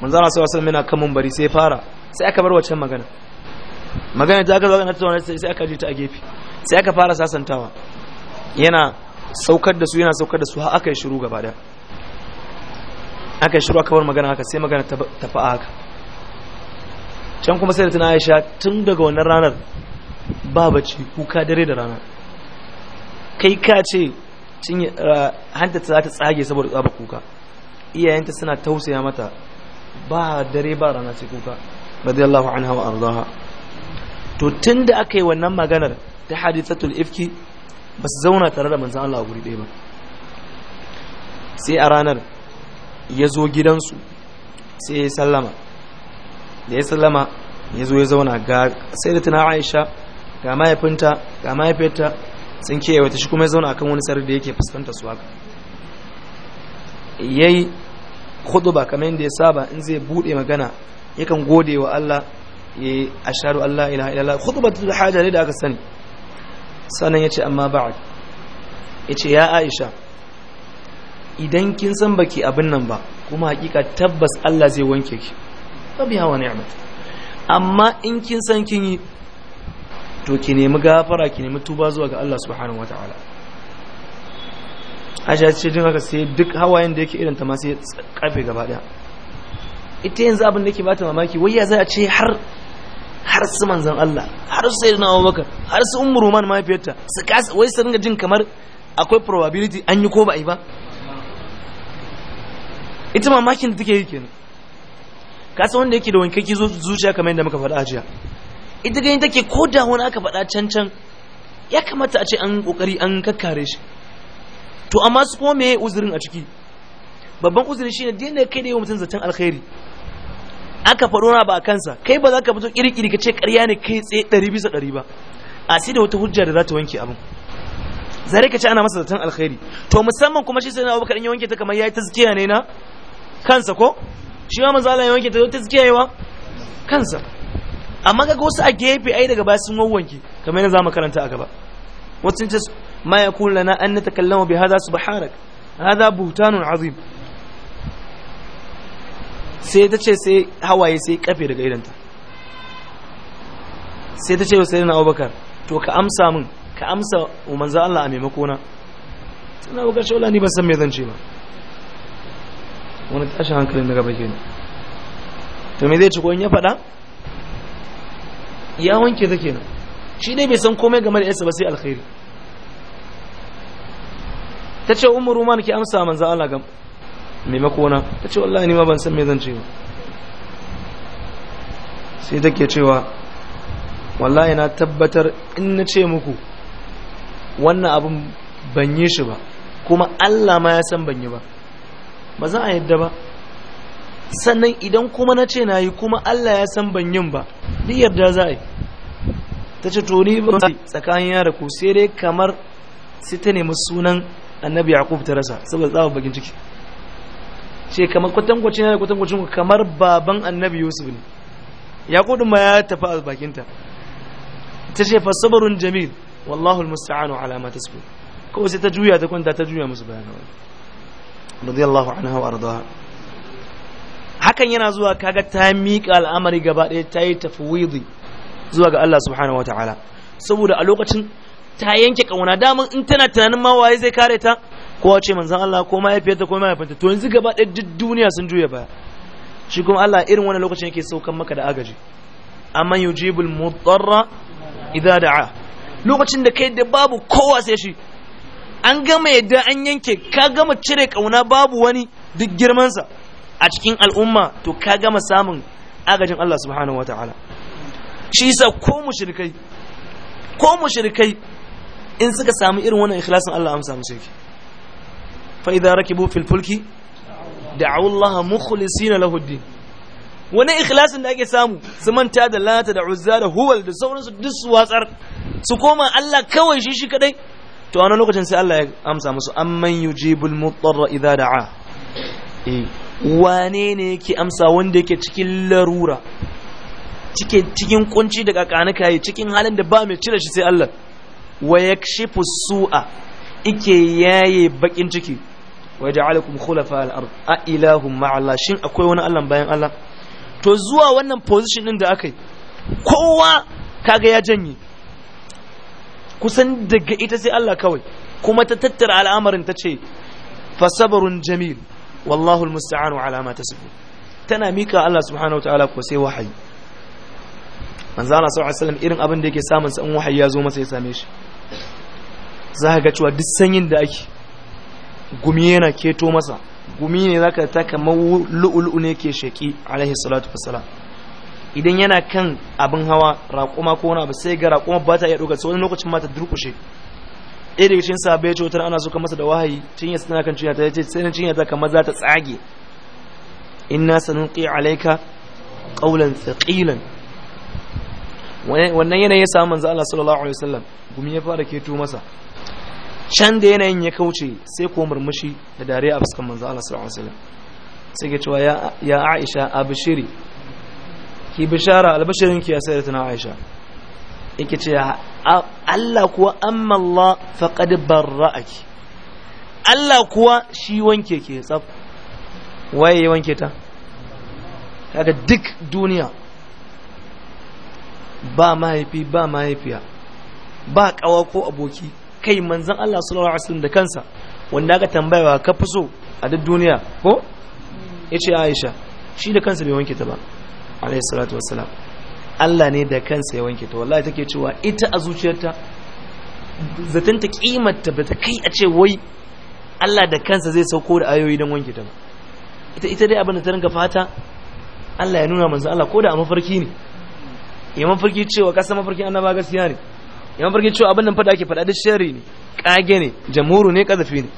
sallallahu alaihi wasallam yana kan bari sai fara sai aka bar wacce magana magana ta aka zo aka tattauna sai aka je ta a gefe sai aka fara sasantawa yana saukar da su yana saukar da su har aka yi shiru gaba da aka yi shiru aka bar magana haka sai magana ta fa haka can kuma sai da tana Aisha tun daga wannan ranar ba bace kuka dare da rana kai ka ce eh, hanta ta za ta tsage saboda tsaba kuka iyayenta suna tausaya mata ba dare ba rana sai kuka radiyallahu anha wa ardaha to tun da aka yi wannan maganar ta hadithatul ifki ba su zauna tare da manzan Allah a guri ɗaya ba sai a ranar ya zo gidansu sai ya sallama da ya sallama ya zo ya zauna ga sai da tana aisha ga mahaifinta ga mahaifinta sun ke wata shi kuma ya zauna akan wani sarari da yake fuskanta su haka yayi ba kamar yadda ya saba in zai bude magana yakan gode wa Allah yi Allah an Allah, ilaha illallah khutbatul haja ne da aka sani sannan yace amma ba'd yace ya Aisha idan kin san baki abin nan ba kuma hakika tabbas Allah zai wanke ki tabiha wa ni'mat amma in kin san kin yi to ki nemi gafara ki nemi tuba zuwa ga Allah subhanahu wataala Aisha ce din haka sai duk hawayen da yake irin ta ma sai kafe gaba daya ita yanzu abin da ke bata mamaki wai ya za a ce har har su manzan Allah har su sayyidina bakar har su ummu Ruman mahaifiyarta su kasa wai su ringa jin kamar akwai probability an yi ko ba yi ba ita mamakin da take yi kenan ka san wanda yake da wankaki zuciya kamar yadda muka faɗa jiya ita gani take ko da wani aka faɗa can can ya kamata a ce an kokari an kakkare shi to amma su kuma me uzurin a ciki babban uzuri shine dinne kai da yau mutum zaton alkhairi aka faɗo na ba kansa kai ba za ka fito kirkiri ka ce ƙarya ne kai tsaye ɗari bisa ɗari ba a sai da wata hujja da za ta wanke abin zare ka ce ana masa zaton alkhairi to musamman kuma shi sai na abubakar ya wanke ta kamar ya yi tazkiya ne na kansa ko shi ma maza Allah ya wanke ta zo tazkiya yawa kansa amma ga wasu a gefe ai daga baya sun wanke kamar yana mu karanta a gaba wasu sun ce ma kula na an natakallama bi hadha subhanak hadha buhtanun azim sai ta ce sai hawaye sai kafe daga idanta sai ta ce wa sayyidina abubakar to ka amsa min ka amsa wa manzo Allah a maimakona sai abubakar shi ni ban san me zan ce ba wani tashin hankalin daga bakin ne to me zai ci ko in ya faɗa ya wanke ta nan shi dai bai san komai game da yasa ba sai alkhairi ta ce umaru ma ke amsa manzo Allah makona ta ce wallahi ni ma ban san me zan ce ba sai take cewa wallahi na tabbatar in na ce muku wannan abin ban yi shi ba kuma Allah ma ya san ban yi ba ba za a yadda ba sannan idan kuma na ce na yi kuma Allah ya san ban yin ba duk yarda za a yi ta ce to ni ba tsakanin yara ku sai dai kamar sai ta nemi sunan annabi yaqub ta rasa saboda tsawa bakin ciki ce kamar kwatankwacin yana kwatankwacin kamar baban annabi yusuf ne ya kudu ma ya tafi a bakinta ta ce fasabarun jamil wallahu musta'anu alama ta tasfu kawai sai ta juya ta kwanta ta juya musu bayan radiyallahu anha wa ardaha hakan yana zuwa kaga ta miƙa al'amari gaba ɗaya ta yi tafwidi zuwa ga Allah subhanahu wataala saboda a lokacin ta yanke kauna daman in tana tunanin ma waye zai kare ta kowa ce manzan Allah ko mahaifiyarta ko mahaifinta to yanzu gaba ɗaya duk duniya sun juya baya shi kuma Allah irin wani lokacin yake saukan maka da agaji amma yujibul mudarra idza da'a lokacin da kai da babu kowa sai shi an gama yadda an yanke ka gama cire kauna babu wani duk girmansa a cikin al'umma to ka gama samun agajin Allah subhanahu wataala shi yasa ko mushrikai ko mushrikai in suka samu irin wannan ikhlasin Allah amsa musu yake fa idza rakibu fil fulki da'u Allah mukhlisina lahu wani ikhlasin da ake samu su manta da lata da uzza da huwal da sauransu duk su watsar su koma Allah kawai shi shi kadai to a lokacin sai Allah ya amsa musu amman yujibul mutarra idza da'a eh wane ne yake amsa wanda yake cikin larura cikin cikin kunci da kakanuka yi cikin halin da ba mai cire shi sai Allah wa yakshifu su'a ike yaye bakin ciki wa ja'alakum khulafa al-ard a ilahum ma Allah shin akwai wani Allah bayan Allah to zuwa wannan position din da aka kowa kaga ya janye kusan daga ita sai Allah kawai kuma ta tattara al'amarin ta ce fa fasabarun jamil wallahu almusta'anu ala ma tasifun tana mika Allah subhanahu wataala ko sai wahayi manzo Allah sallallahu alaihi wasallam irin abin da yake samun sa in wahayi ya zo masa ya same shi za ga cewa duk sanyin da ake gumi yana keto masa gumi ne zaka ta kamar lu'ulu ne ke sheki alaihi salatu wassalam idan yana kan abin hawa raƙuma ko wani abu sai ga raƙuma ba ta iya sai wani lokacin ma ta durƙushe ɗaya daga cikin sabai ce wata ana suka masa da wahayi cinya suna kan cinya ta ce sai na cinya ta kamar za ta tsage inna sanulqi alayka qawlan thaqilan wannan yanayi ya samu manzo Allah sallallahu alaihi wasallam gumi ya fara keto masa can da yanayin ya kauce sai ko murmushi da dare a fuskan manzo Allah sallallahu alaihi wasallam sai ga cewa ya Aisha abshiri ki bishara albashirin ki ya ta Aisha yake ce Allah kuwa amma Allah faqad barra'aki Allah kuwa shi wanke ke tsaf waye ya wanke ta kaga duk duniya ba mahaifi ba mahaifiya ba kawa ko aboki kai manzan Allah sallallahu alaihi wasallam da kansa wanda aka tambayawa ka fi so a duk duniya ko yace Aisha shi da kansa bai wanke ta ba alaihi salatu wassalam Allah ne da kansa ya wanke ta wallahi take cewa ita a zuciyarta zaton ta kimarta ba ta kai a ce wai Allah da kansa zai sauko da ayoyi don wanke ta ba ita ita dai abin da ta ringa fata Allah ya nuna manzan Allah ko da a mafarki ne ya mafarki cewa kasa mafarkin annaba gaskiya ne ya mafarkin cewa abin nan fada ake fada da shari ne kage ne jamhuru ne kazafi ne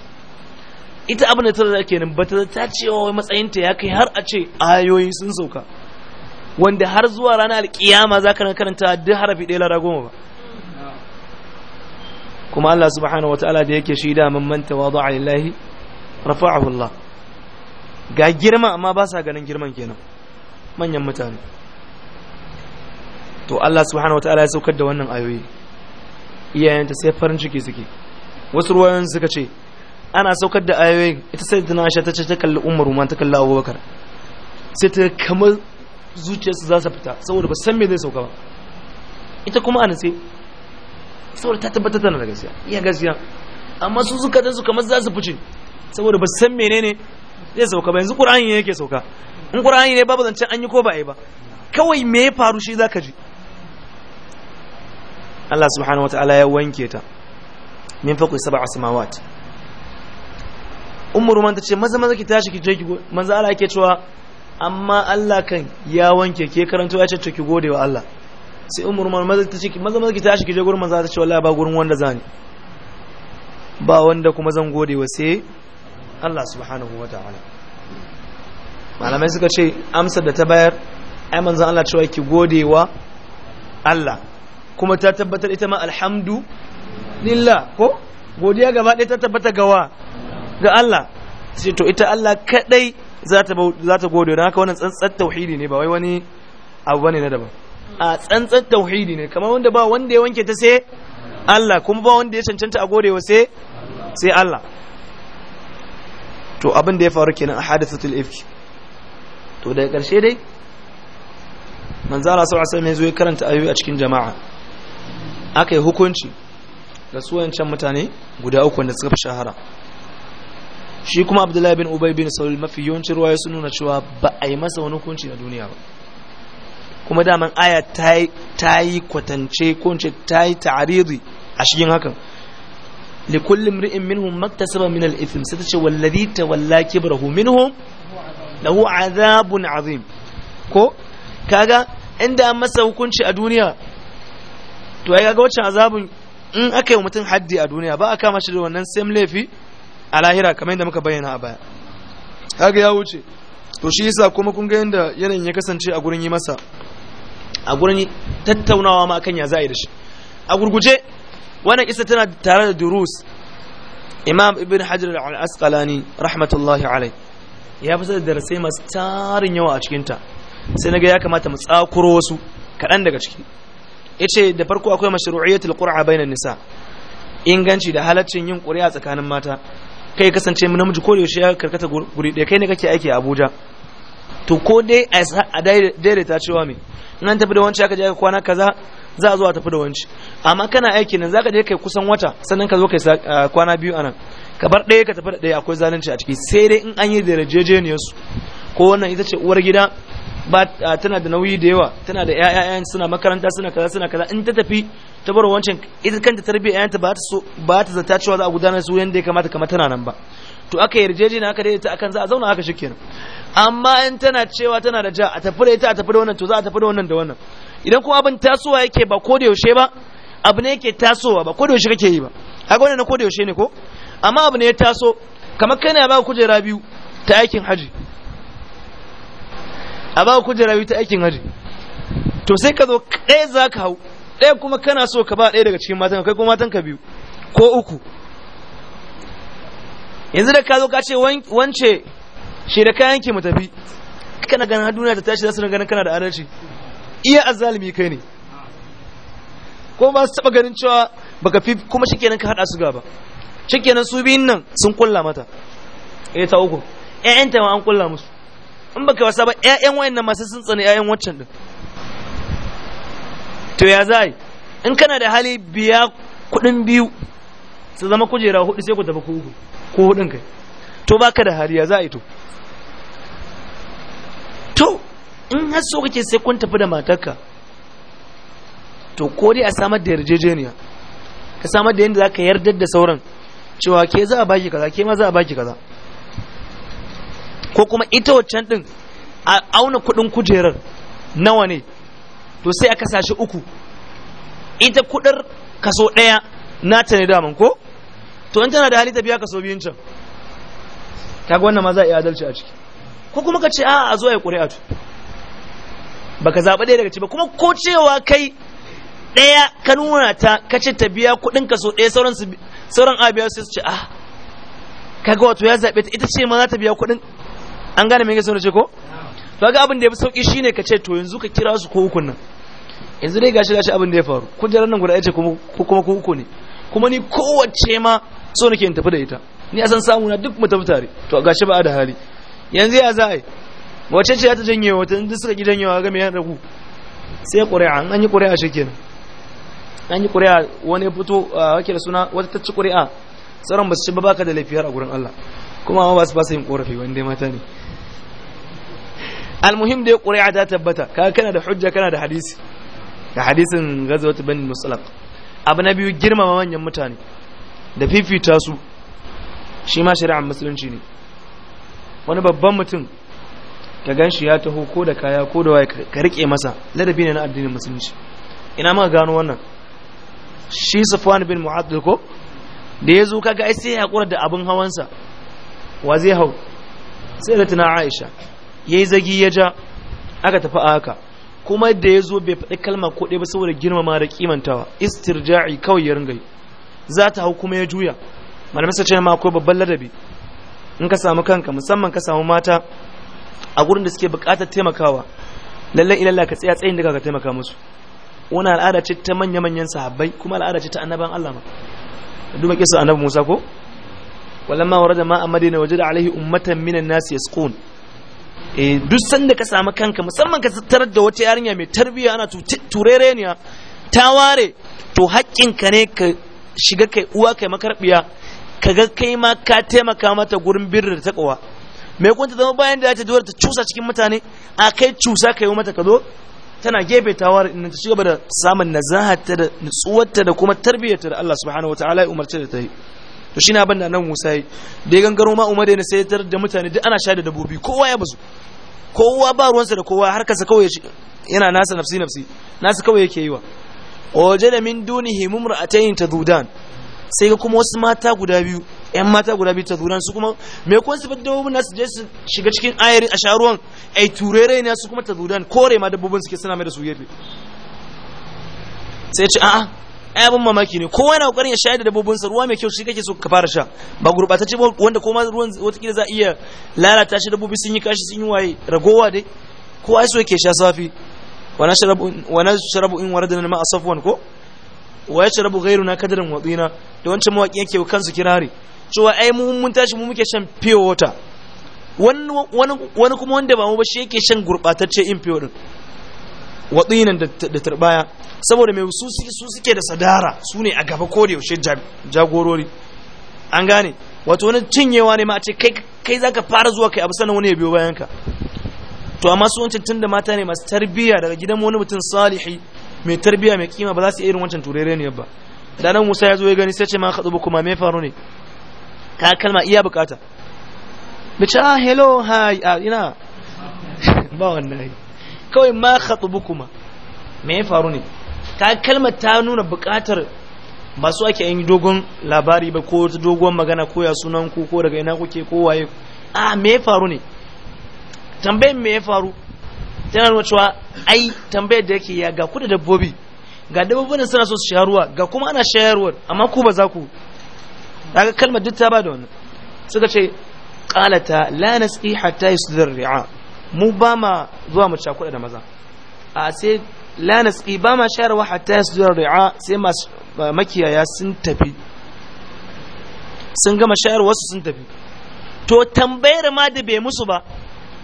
ita abin da ta da nan ba ta ta cewa matsayinta ya kai har a ce ayoyi sun sauka wanda har zuwa ranar alkiyama za ka karanta duk harafi ɗaya lara goma ba kuma Allah subhanahu wa ta'ala da yake shi da mamanta wa zuwa lillahi rafa'ahu Allah ga girma amma ba sa ganin girman kenan manyan mutane to Allah subhanahu wa ta'ala ya saukar da wannan ayoyi iyayenta sai farin ciki suke wasu ruwayoyin suka ce ana saukar da ayoyin ita sai tana aisha ta ce ta kalli umar ma ta kalli abubakar sai ta kamar zuciyarsu za su fita saboda ba san me zai sauka ba ita kuma a sai saboda ta tabbatar tana da gaskiya iya gaskiya amma su suka ta su kamar za su fice saboda ba san menene zai sauka ba yanzu ƙura'ani ne yake sauka in ƙura'ani ne babu zancen an yi ko ba a yi ba kawai me ya faru shi za ka ji Allah subhanahu ta'ala ya wanke ta min faqi sab'a samawat ummu ruman ce maza maza ki tashi ki je ki manzo Allah yake cewa amma Allah kan ya wanke ke karanto ya ce ki gode wa Allah sai ummu ruman maza ta ce maza maza ki tashi ki je gurin manzo ta ce wallahi ba gurin wanda zani ba wanda kuma zan gode wa sai Allah subhanahu ta'ala malamai suka ce amsar da ta bayar ai manzo Allah cewa ki gode wa Allah kuma ta tabbatar ita ma alhamdu lillah ko godiya gaba ɗaya ta tabbata gawa ga Allah sai to ita Allah kadai za ta za ta gode don haka wannan tsantsar tauhidi ne ba wai wani abu bane na daban a tsantsar tauhidi ne kamar wanda ba wanda ya wanke ta sai Allah kuma ba wanda ya cancanta a wa sai sai Allah to abin da ya faru kenan a hadisatul ifki to daga ƙarshe dai Allah sallallahu alaihi wasallam ya zo ya karanta ayoyi a cikin jama'a aka yi hukunci ga su mutane guda uku wanda suka fi shahara shi kuma abdullahi bin ubai bin saurin mafi yawancin ya sun nuna cewa ba a yi masa wani hukunci na duniya ba kuma daman aya ta yi kwatance ko ce ta yi ta'ariri a shigin hakan li kulli mri'in minhum maktasaba min al-ithm sai ta ce wallazi tawalla kibrahu minhum lahu azabun azim ko kaga inda masa hukunci a duniya to ai kaga waccan azabin in aka yi mutum haddi a duniya ba a kama shi da wannan same laifi a lahira kamar yadda muka bayyana a baya kaga ya wuce to shi yasa kuma kun ga yadda yanayin ya kasance a gurin yi masa a gurin tattaunawa ma akan ya za da shi a gurguje wannan isa tana tare da durus imam ibn hajar al-asqalani rahmatullahi alai ya fi da darasai masu tarin yawa a cikinta sai na ya kamata mu tsakuro wasu kaɗan daga ciki yace da farko akwai mashru'iyatul qur'a bainan nisa inganci da halaccin yin ƙuri'a tsakanin mata kai kasance namiji ko yaushe ya karkata guri da kai ne kake aiki a Abuja to ko dai a ta cewa me nan tafi da wanci aka je aka kwana kaza za a zo a tafi da wanci amma kana aiki nan zaka je kai kusan wata sannan ka zo kai kwana biyu anan ka bar ɗaya ka tafi da ɗaya akwai zalunci a ciki sai dai in an yi da yarjejeniyar su ko wannan ita ce uwar gida ba tana da nauyi da yawa tana da ƴaƴan suna makaranta suna kaza suna kaza in ta tafi ta bar wancan ita kanta tarbiyyar ƴaƴanta ba ta so ba ta zata cewa za a gudanar su yanda ya kamata kamar tana nan ba to aka yarjeje na aka daidaita akan za a zauna haka shikenan amma in tana cewa tana da ja a tafi da ita a tafi da wannan to za a tafi da wannan da wannan idan kuma abin tasowa yake ba ko da yaushe ba abu ne yake tasowa ba ko da yaushe kake yi ba haka wannan ko da yaushe ne ko amma abu ne ya taso kamar kai ne ya ba kujera biyu ta aikin haji a ba kujera ta aikin hajji to sai ka zo ɗaya za ka hau ɗaya kuma kana so ka ba ɗaya daga cikin matan kai kuma matan ka biyu ko uku yanzu da ka zo ka ce wance shi da kayan ki mu tafi kana ganin har duniya ta tashi za su ganin kana da adalci iya azalimi kai ne ko ba su taba ganin cewa baka fi kuma shikenan ka hada su gaba shikenan su biyun nan sun kulla mata eh ta uku ƴaƴanta ma an kulla musu in baka wasa ba ƴaƴan wayannan masu sun tsani ƴaƴan waccan din to ya zai in kana da hali biya kuɗin biyu su zama kujera hudu sai ku tafi ku uku ko hudun kai to baka da hali ya za to to in har so kake sai kun tafi da matarka to ko dai a samar da yarjejeniya ka samar da yadda zaka yardar da sauran cewa ke za a baki kaza ke ma za a baki kaza ko kuma ita waccan din a auna kudin kujerar nawa ne to sai a kasa shi uku ita kudar kaso ɗaya ta ne daman ko to in tana da hali tafiya kaso biyun can kaga wannan ma za a yi adalci a ciki ko kuma ka ce a a zo yi ƙuri'a to baka zaɓa ɗaya daga ci ba kuma ko cewa kai ɗaya ka nuna ta ka ce ta biya kuɗin kaso ɗaya sauran sauran abiya sai su ce a ah. kaga wato ya zaɓe ta ita ce ma za ta biya kuɗin an gane mai yake sauna ce ko to ga abin da ya fi sauki shine ka ce to yanzu ka kira su ko hukun nan yanzu dai gashi gashi abin da ya faru kujerar nan guda ya ce kuma ko uku ne kuma ni kowace ma so nake in tafi da ita ni a san samu na duk mu tafi tare to gashi ba a da hali yanzu ya za'a yi wace ce ta janye wata duk suka ki janyewa ga me ya ragu sai ƙuri'a an yi ƙuri'a shi kenan an yi ƙuri'a wani fito a wake da suna wata ta ci ƙuri'a tsaron ba su ci ba baka da laifiyar a gurin Allah kuma ba su fasa yin ƙorafi wanda mata ne almuhim da ya ƙuri'a ta tabbata kaga kana da hujja kana da hadisi da hadisin gazawatu bani musalak abu na biyu girmama manyan mutane da fifita su shi ma shari'ar musulunci ne wani babban mutum ka gan ya taho ko da kaya ko da waye ka rike masa ladabi ne na addinin musulunci ina ma gano wannan shi safwan bin muhadal ko da ya zo kaga ai sai ya hakura da abin sa wa zai hau sai da tuna aisha yayi zagi ya ja aka tafi a haka kuma da ya zo bai faɗi kalma ko ɗaya ba saboda girmama da kimantawa istirja'i kawai ya ringa yi za ta hau kuma ya juya malamai sa ce ma akwai babban ladabi in ka samu kanka musamman ka samu mata a gurin da suke buƙatar taimakawa lallai ilalla ka tsaya tsayin da ka taimaka musu wani al'ada ce ta manya-manyan sahabbai kuma al'ada ce ta annaban Allah ma duba kisa annabi Musa ko walamma warada ma a madina wajada alaihi ummatan minan nasi yasqun eh duk sanda ka samu kanka musamman ka tattarar da wata yarinya mai tarbiyya ana ne ta ware to haƙƙinka ne ka shiga kai uwa kai makarbiya ka ga kai ma ka taimaka mata gurin birri da takawa mai kun ta zama bayan da ce dole ta cusa cikin mutane a kai cusa kai mata ka zo tana gefe ta ware in ta shiga da samun ta da ta da kuma ta da Allah subhanahu wataala ya umarce da ta yi to shine abin da nan Musa yi da ya gangaro ma Umar ne sai tar da mutane duk ana shaida dabbobi kowa ya bazu kowa ba ruwansa da kowa har kasa kawai yana nasa nafsi nafsi nasa kawai yake yi wa wajada min dunihi mumra'atayn tadudan sai ga kuma wasu mata guda biyu yan mata guda biyu tadudan su kuma me kun su dabbobin nasu je su shiga cikin ayarin a sharuwan ai turere ne su kuma tadudan kore ma dabbobin suke suna mai da su yafe? sai ce a'a abin mamaki ne kowa yana kokarin ya shayar da dabbobin sa ruwa mai kyau shi kake so ka fara sha ba gurbatacce ba wanda kuma ruwan wata kila za iya lalata shi dabbobi sun yi kashi sun yi waye ragowa dai kowa ai so yake sha safi wana sharabu in waradana ma asafwan ko wa sharabu ghayruna kadran wa dina da wancan mawaki yake kansu kirari cewa ai mu mun tashi mu muke shan pure water wani kuma wanda ba mu ba shi yake shan gurbatacce in pure din watsinan da turbaya saboda mai su suke da sadara su ne a gaba kodi yaushe jagorori an gane wato wani cinyewa ne ma a ce kai za ka fara zuwa kai abu sanar wani ya biyo bayan ka to amma su wancan tun da mata ne masu tarbiyya daga gidan wani mutum salihi mai tarbiyya mai kima ba za su irin wancan turere ne ba da nan musa ya zo ya gani sai ce ma ka tsubu kuma me faru ne ka kalma iya bukata mace ah hello hi ah, ina ba wannan kawai ma kuma me ya faru ne ka kalmar ta nuna buƙatar masu ake yin dogon labari ba ko dogon magana ko ya sunan ku ko daga ina kuke ko waye a me ya faru ne tambayin me ya faru tana nuna cewa ai tambayar da yake ya ga ku da dabbobi ga dabbobin suna so su shayarwa ga kuma ana shayarwa amma ku ba za ku daga kalmar duk ta ba da wannan suka ce qalata la nasqi hatta yusdir ri'a mu ba ma zuwa mu cakuɗa da maza a sai la nasqi ba ma shayarwa hatta yasdura ri'a sai masu makiyaya sun tafi sun gama shayarwa su sun tafi to tambayar ma da bai musu ba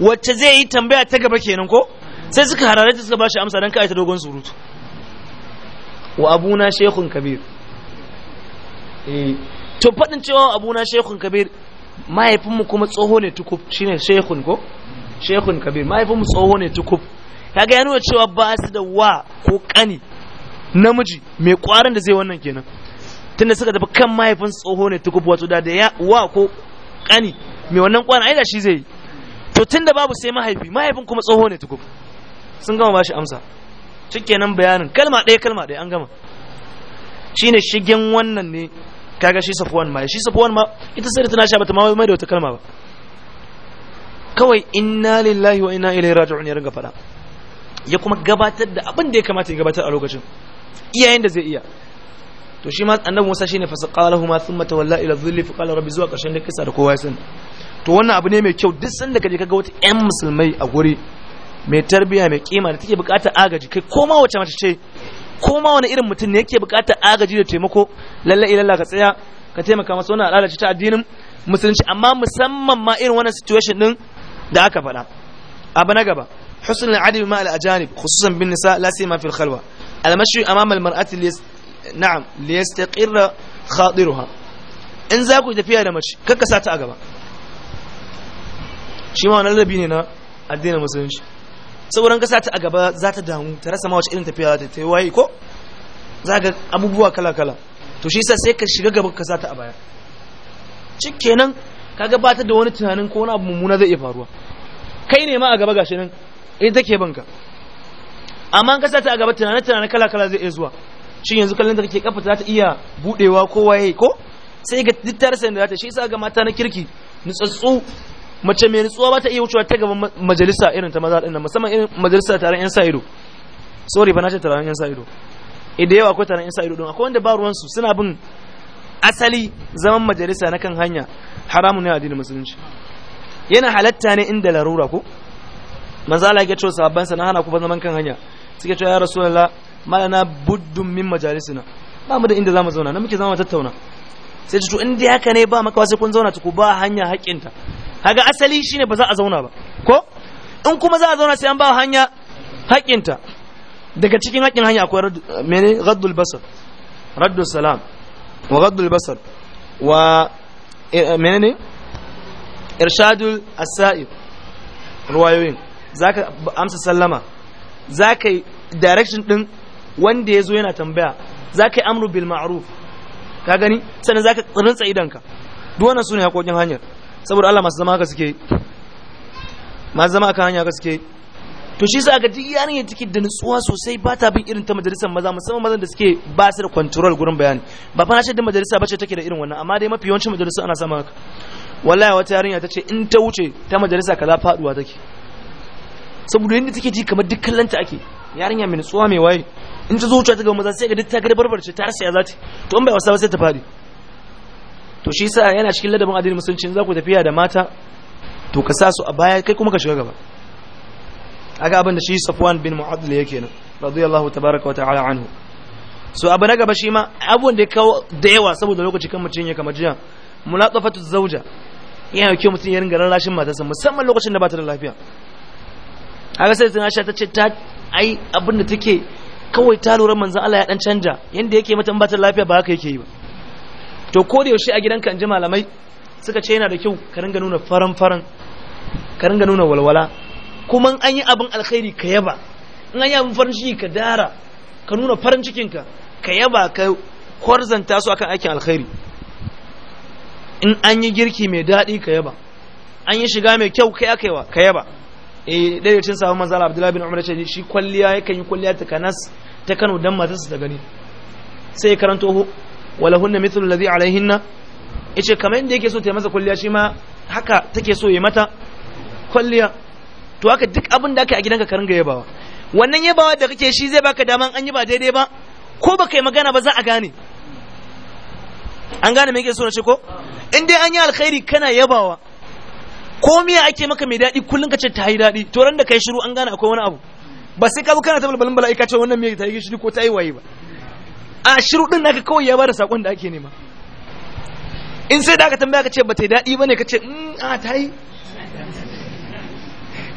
wacce zai yi tambaya ta gaba kenan ko sai suka harare ta suka ba shi amsa don kai ta dogon surutu wa abuna shekun kabir eh, to faɗin cewa abuna shekun kabir mahaifinmu kuma tsoho ne tukub shine shekun ko shekun kabir mahaifin mu tsoho ne tukub kaga ga yanuwa cewa ba su da wa ko kani namiji mai kwarin da zai wannan kenan tunda suka tafi kan mahaifin tsoho ne tukub wato da da wa ko kani mai wannan kwarin ai da shi zai yi to tunda babu sai mahaifi mahaifin kuma tsoho ne tukub sun gama ba shi amsa shikenan bayanin kalma ɗaya kalma ɗaya an gama shine shigen wannan ne kaga shi safuwan ma shi safuwan ma ita sai tana sha bata ma mai da wata kalma ba kawai inna lillahi wa inna ilaihi raji'un ya ringa fada ya kuma gabatar da abin da ya kamata ya gabatar a lokacin iyayen da zai iya to shi ma annabi Musa shine fa saqalahu ma thumma tawalla ila dhilli fa qala rabbi zuwa karshen da kisa da kowa ya sani to wannan abu ne mai kyau duk sanda kaje kaga wata ƴan musulmai a guri mai tarbiya mai kima da take bukata agaji kai ma wace mace ce ma wani irin mutum ne yake bukata agaji da taimako ila ilalla eh, ka tsaya ka taimaka masa wannan al'ada ce ta addinin musulunci amma musamman ma irin wannan situation din da aka faɗa abu na gaba husnul adabi ma al-ajanib khususan bin nisa la sima fil khalwa amama na'am li khadiruha in za ku tafiya da mace kakka sa ta a gaba shi ma wannan rabi ne na addinin musulunci sauran ka sa ta a gaba za ta damu ta rasa ma wace irin tafiya za ta waye ko za ga abubuwa kala kala to shi yasa sai ka shiga gaba ka sa ta a baya cikkenan Ka gabatar da wani tunanin ko wani abu mummuna zai iya faruwa kai ne ma a gaba gashi nan in take banka amma ka ta a gaba tunanin tunanin kala kala zai iya zuwa shin yanzu kallon da kake kafa za ta iya budewa ko waye ko sai ga dittar tarisan da za ta shi yasa ga mata na kirki nutsatsu mace mai nutsuwa ba ta iya wucewa ta gaban majalisa irin ta maza din nan musamman irin majalisa taron yan sa ido sorry ba na ce taron yan sa ido idan eh, yawa akwai taron yan sa ido din akwai wanda ba ruwan su suna bin asali zaman majalisa na kan hanya haramun ne a addinin musulunci yana halatta ne inda larura ko maza Allah ya ce sahabban sa hana ku ba zaman kan hanya suke cewa ya rasulullah malana buddun min majalisina ba mu da inda zamu zauna na muke zama tattauna sai ce to in dai haka ne ba maka sai kun zauna ku ba hanya haƙinta kaga asali shine ba za a zauna ba ko in kuma za a zauna sai an ba hanya haƙinta daga cikin haƙin hanya akwai mene gaddul basar raddul salam wa gaddul basar wa Eh, eh, menene irshadul asa'ib ruwayoyin zaka amsa sallama zaka direction din wanda yazo yana tambaya zaka yi amru bil ma'ruf ka gani sannan zaka rinsa idanka duk wannan sune hakokin hanyar saboda Allah masu zama ka suke masu zama ka hanya ka suke to shi sa ga duk yarinya take da nutsuwa sosai ba ta bin irin ta majalisar maza musamman mazan da suke ba su da control gurin bayani ba fa na shaidin majalisa ba ce take da irin wannan amma dai mafi yawancin majalisa ana sama haka wallahi wata yarinya ta ce in ta wuce ta majalisa kaza faduwa take saboda yadda take ji kamar duk kallanta ake yarinya mai nutsuwa mai waye in ta zo wuce ta ga maza sai ga duk ta ga barbarce ta rasa ya zata to in bai wasa ba sai ta fadi to shi sa yana cikin ladabin addinin musulunci za ku tafiya da mata to ka sa su a baya kai kuma ka shiga gaba aga abin da shi safwan bin mu'adil yake nan radiyallahu tabaaraka wa ta'ala anhu so abu na gaba shi ma abu da ya da yawa saboda lokaci kan mutun ya kama jiya mulatafatu zawja yana kyau mutum ya ringa rarrashin matarsa musamman lokacin da ba ta da lafiya haka sai sun aisha ta ce ta ai abin da take kawai ta lura manzan Allah ya dan canja yanda yake mata ba ta da lafiya ba haka yake yi ba to ko da yaushe a gidan kan ji malamai suka ce yana da kyau ka ringa nuna faran faran ka ringa nuna walwala kuma an yi abin alkhairi ka yaba in an yi abin farin ciki ka dara ka nuna farin cikinka ka yaba ka kwarzanta su akan aikin alkhairi in an yi girki mai daɗi ka yaba an yi shiga mai kyau kai akaiwa ka yaba eh dai tun sabon manzala abdullahi bin umar ce shi kwalliya yakan yi kwalliya ta kanas ta kano dan matarsa ta gani sai karanto wala hunna mithlu alladhi alaihinna yace kamar inda yake so ta masa kwalliya shi ma haka take so ya mata kwalliya to haka duk abin da aka yi a gidanka ka ringa yabawa wannan yabawa da kake shi zai baka daman an yi ba daidai ba ko baka yi magana ba za a gane an gane me yake so na ce ko in dai an yi alkhairi kana yabawa ko miya ake maka mai daɗi kullum ka ce ta yi daɗi to ran da kai shiru an gane akwai wani abu ba sai ka zo kana ta balbalin bala'i ka ce wannan miya ta yi shiru ko ta yi waye ba a shiru din naka kawai ya bada sakon da ake nema in sai da aka tambaya ka ce ba ta yi daɗi ba ne ka ce mm, a ta yi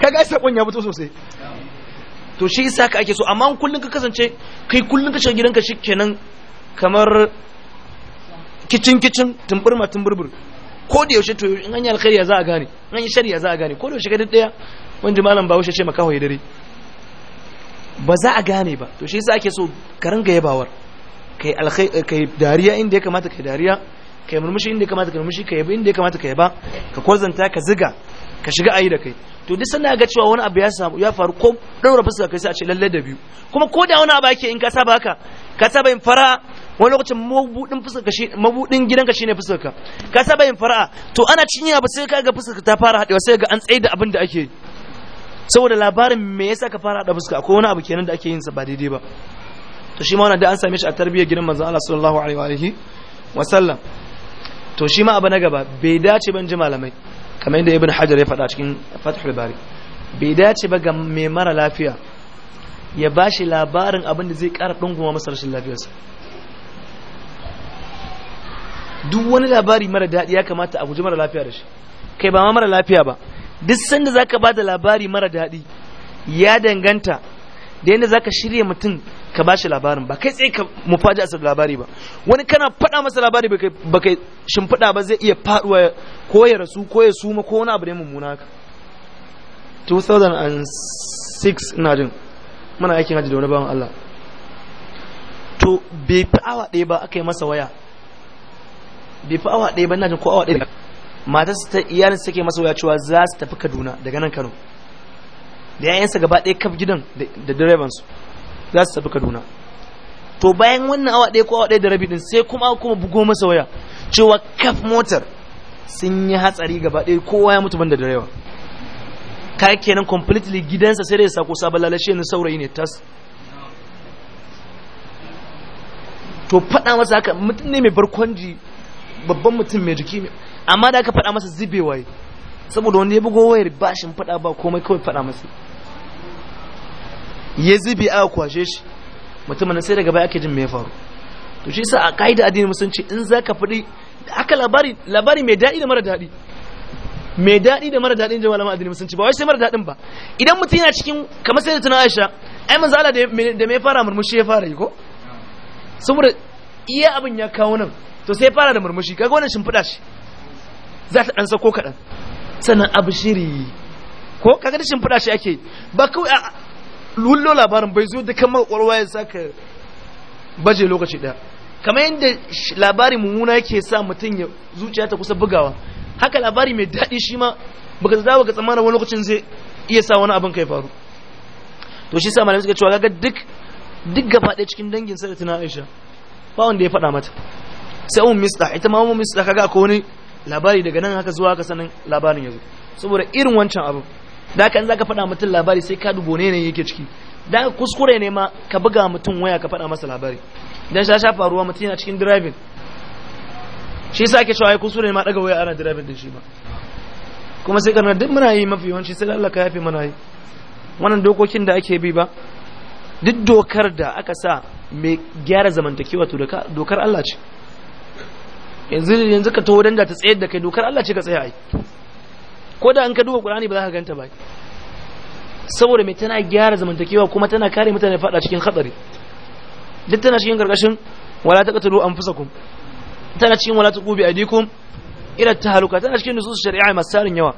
kaga ai sakon ya fito sosai to shi isa ka ake so amma kullun ka kasance kai kullun ka shiga gidanka shikenan kamar kicin kicin tumburma tumburbur ko da yaushe to in an yi alkhairi za a gane in an yi shari'a za a gane ko da yaushe ga daddaya wanda malam bawo ce maka hoye dare ba za a gane ba to shi isa ake so ka ringa yabawar kai alkhairi kai dariya inda ya kamata kai dariya kai murmushi inda ya kamata kai murmushi kai yabo inda ya kamata kai yaba ka kozanta ka ziga ka shiga ayi da kai to duk sanda ga cewa wani abu ya samu ya faru ko daura fuska kai sai a ce lalle da biyu kuma ko da wani abu ake in ka saba haka ka saba yin fara wani lokacin mabudin fuska shi mabudin gidanka shine fuska ka ka saba yin fara to ana cinye abu sai ka ga fuska ta fara hadewa sai ga an tsaye da abin da ake saboda labarin me yasa ka fara hada fuska akwai wani abu kenan da ake yin sa ba daidai ba to shi ma wannan da an same shi a tarbiyyar gidan manzon Allah sallallahu alaihi wa alihi wa sallam to shi ma abu na gaba bai dace ban ji malamai kamar yadda ibn hajar ya faɗa cikin fathul bari bai dace ba ga mai mara lafiya ya ba shi labarin abin da zai ƙara ɗunguma masa rashin lafiyarsa duk wani labari mara daɗi ya kamata a guji mara lafiya da shi kai ba ma mara lafiya ba duk sanda za ka ba da labari mara daɗi ya danganta da yadda ka shirya mutum ka ba shi labarin ba kai tsaye ka mufaji a labari ba wani kana faɗa masa labari ba kai shimfiɗa ba zai iya faɗuwa ko ya rasu ko ya suma ko wani abu ne mummuna haka 2006 ina jin muna aikin hajji da wani bawan Allah to bai fi awa ɗaya ba aka yi masa waya bai fi awa ɗaya ba ina jin ko awa ɗaya matarsa ta iyalin suke masa waya cewa za su tafi Kaduna daga nan Kano da yayansa gaba ɗaya kaf gidan da direbansu za su tafi kaduna to bayan wannan awa ɗaya ko awa ɗaya da rabi din sai kuma kuma bugo masa waya cewa kaf motar sun yi hatsari gaba ɗaya kowa ya mutu banda direba ka kenan completely gidansa sai dai sako sabon lalashe ne saurayi ne tas to faɗa masa haka mutum ne mai barkwanji babban mutum mai jiki amma da aka faɗa masa zube waye. saboda wanda ya bugo wayar bashin fada ba komai kawai fada masa ya zubi a kwashe shi na sai daga baya ake jin me ya faru to shi yasa a kaida addinin musulunci in zaka fadi aka labari labari mai daɗi da mara daɗi mai daɗi da mara daɗin jama'a addinin musulunci ba wai sai mara daɗin ba idan mutum yana cikin kamar sai da tuna Aisha ai manzo Allah da mai fara murmushi ya fara yi ko saboda iya abin ya kawo nan to sai fara da murmushi kaga wannan fada shi za ta ɗan sako kaɗan sannan Abushiri ko kaga da shimfiɗa shi ake ba kawai a lullo labarin bai zo da kamar ƙwarwa ya saka baje lokaci ɗaya kamar yadda labari mummuna yake sa mutum ya zuciya ta kusa bugawa haka labari mai daɗi shi ma baka zaba ga tsammanin wani lokacin zai iya sa wani abin kai faru to shi sa malamai suka cewa kaga duk duk gaba ɗaya cikin dangin sa da tuna Aisha ba wanda ya faɗa mata sai ummu mista ita ma ummu mista kaga akwai wani labari daga nan haka zuwa haka sanin labarin yanzu saboda irin wancan abu da kan zaka faɗa mutum labari sai ka dubo ne ne yake ciki da kuskure ne ma ka buga mutum waya ka faɗa masa labari dan sha sha faruwa mutum yana cikin driving shi yasa ake cewa ai kuskure ne ma daga waya ana driving din shi ba kuma sai kana duk muna yi mafi yawanci sai Allah ka yafe mana yi wannan dokokin da ake bi ba duk dokar da aka sa mai gyara zamantakewa to dokar Allah ce yanzu yanzu ka taho danda ta tsayar da kai dokar Allah ce ka tsaya ai ko da an ka duba Qur'ani ba za ka ganta ba saboda me tana gyara zamantakewa kuma tana kare mutane fada cikin hatsari duk tana cikin gargashin wala taqtulu anfusakum tana cikin wala tuqu adikum ila tahaluka tana cikin nusus shari'a sarin yawa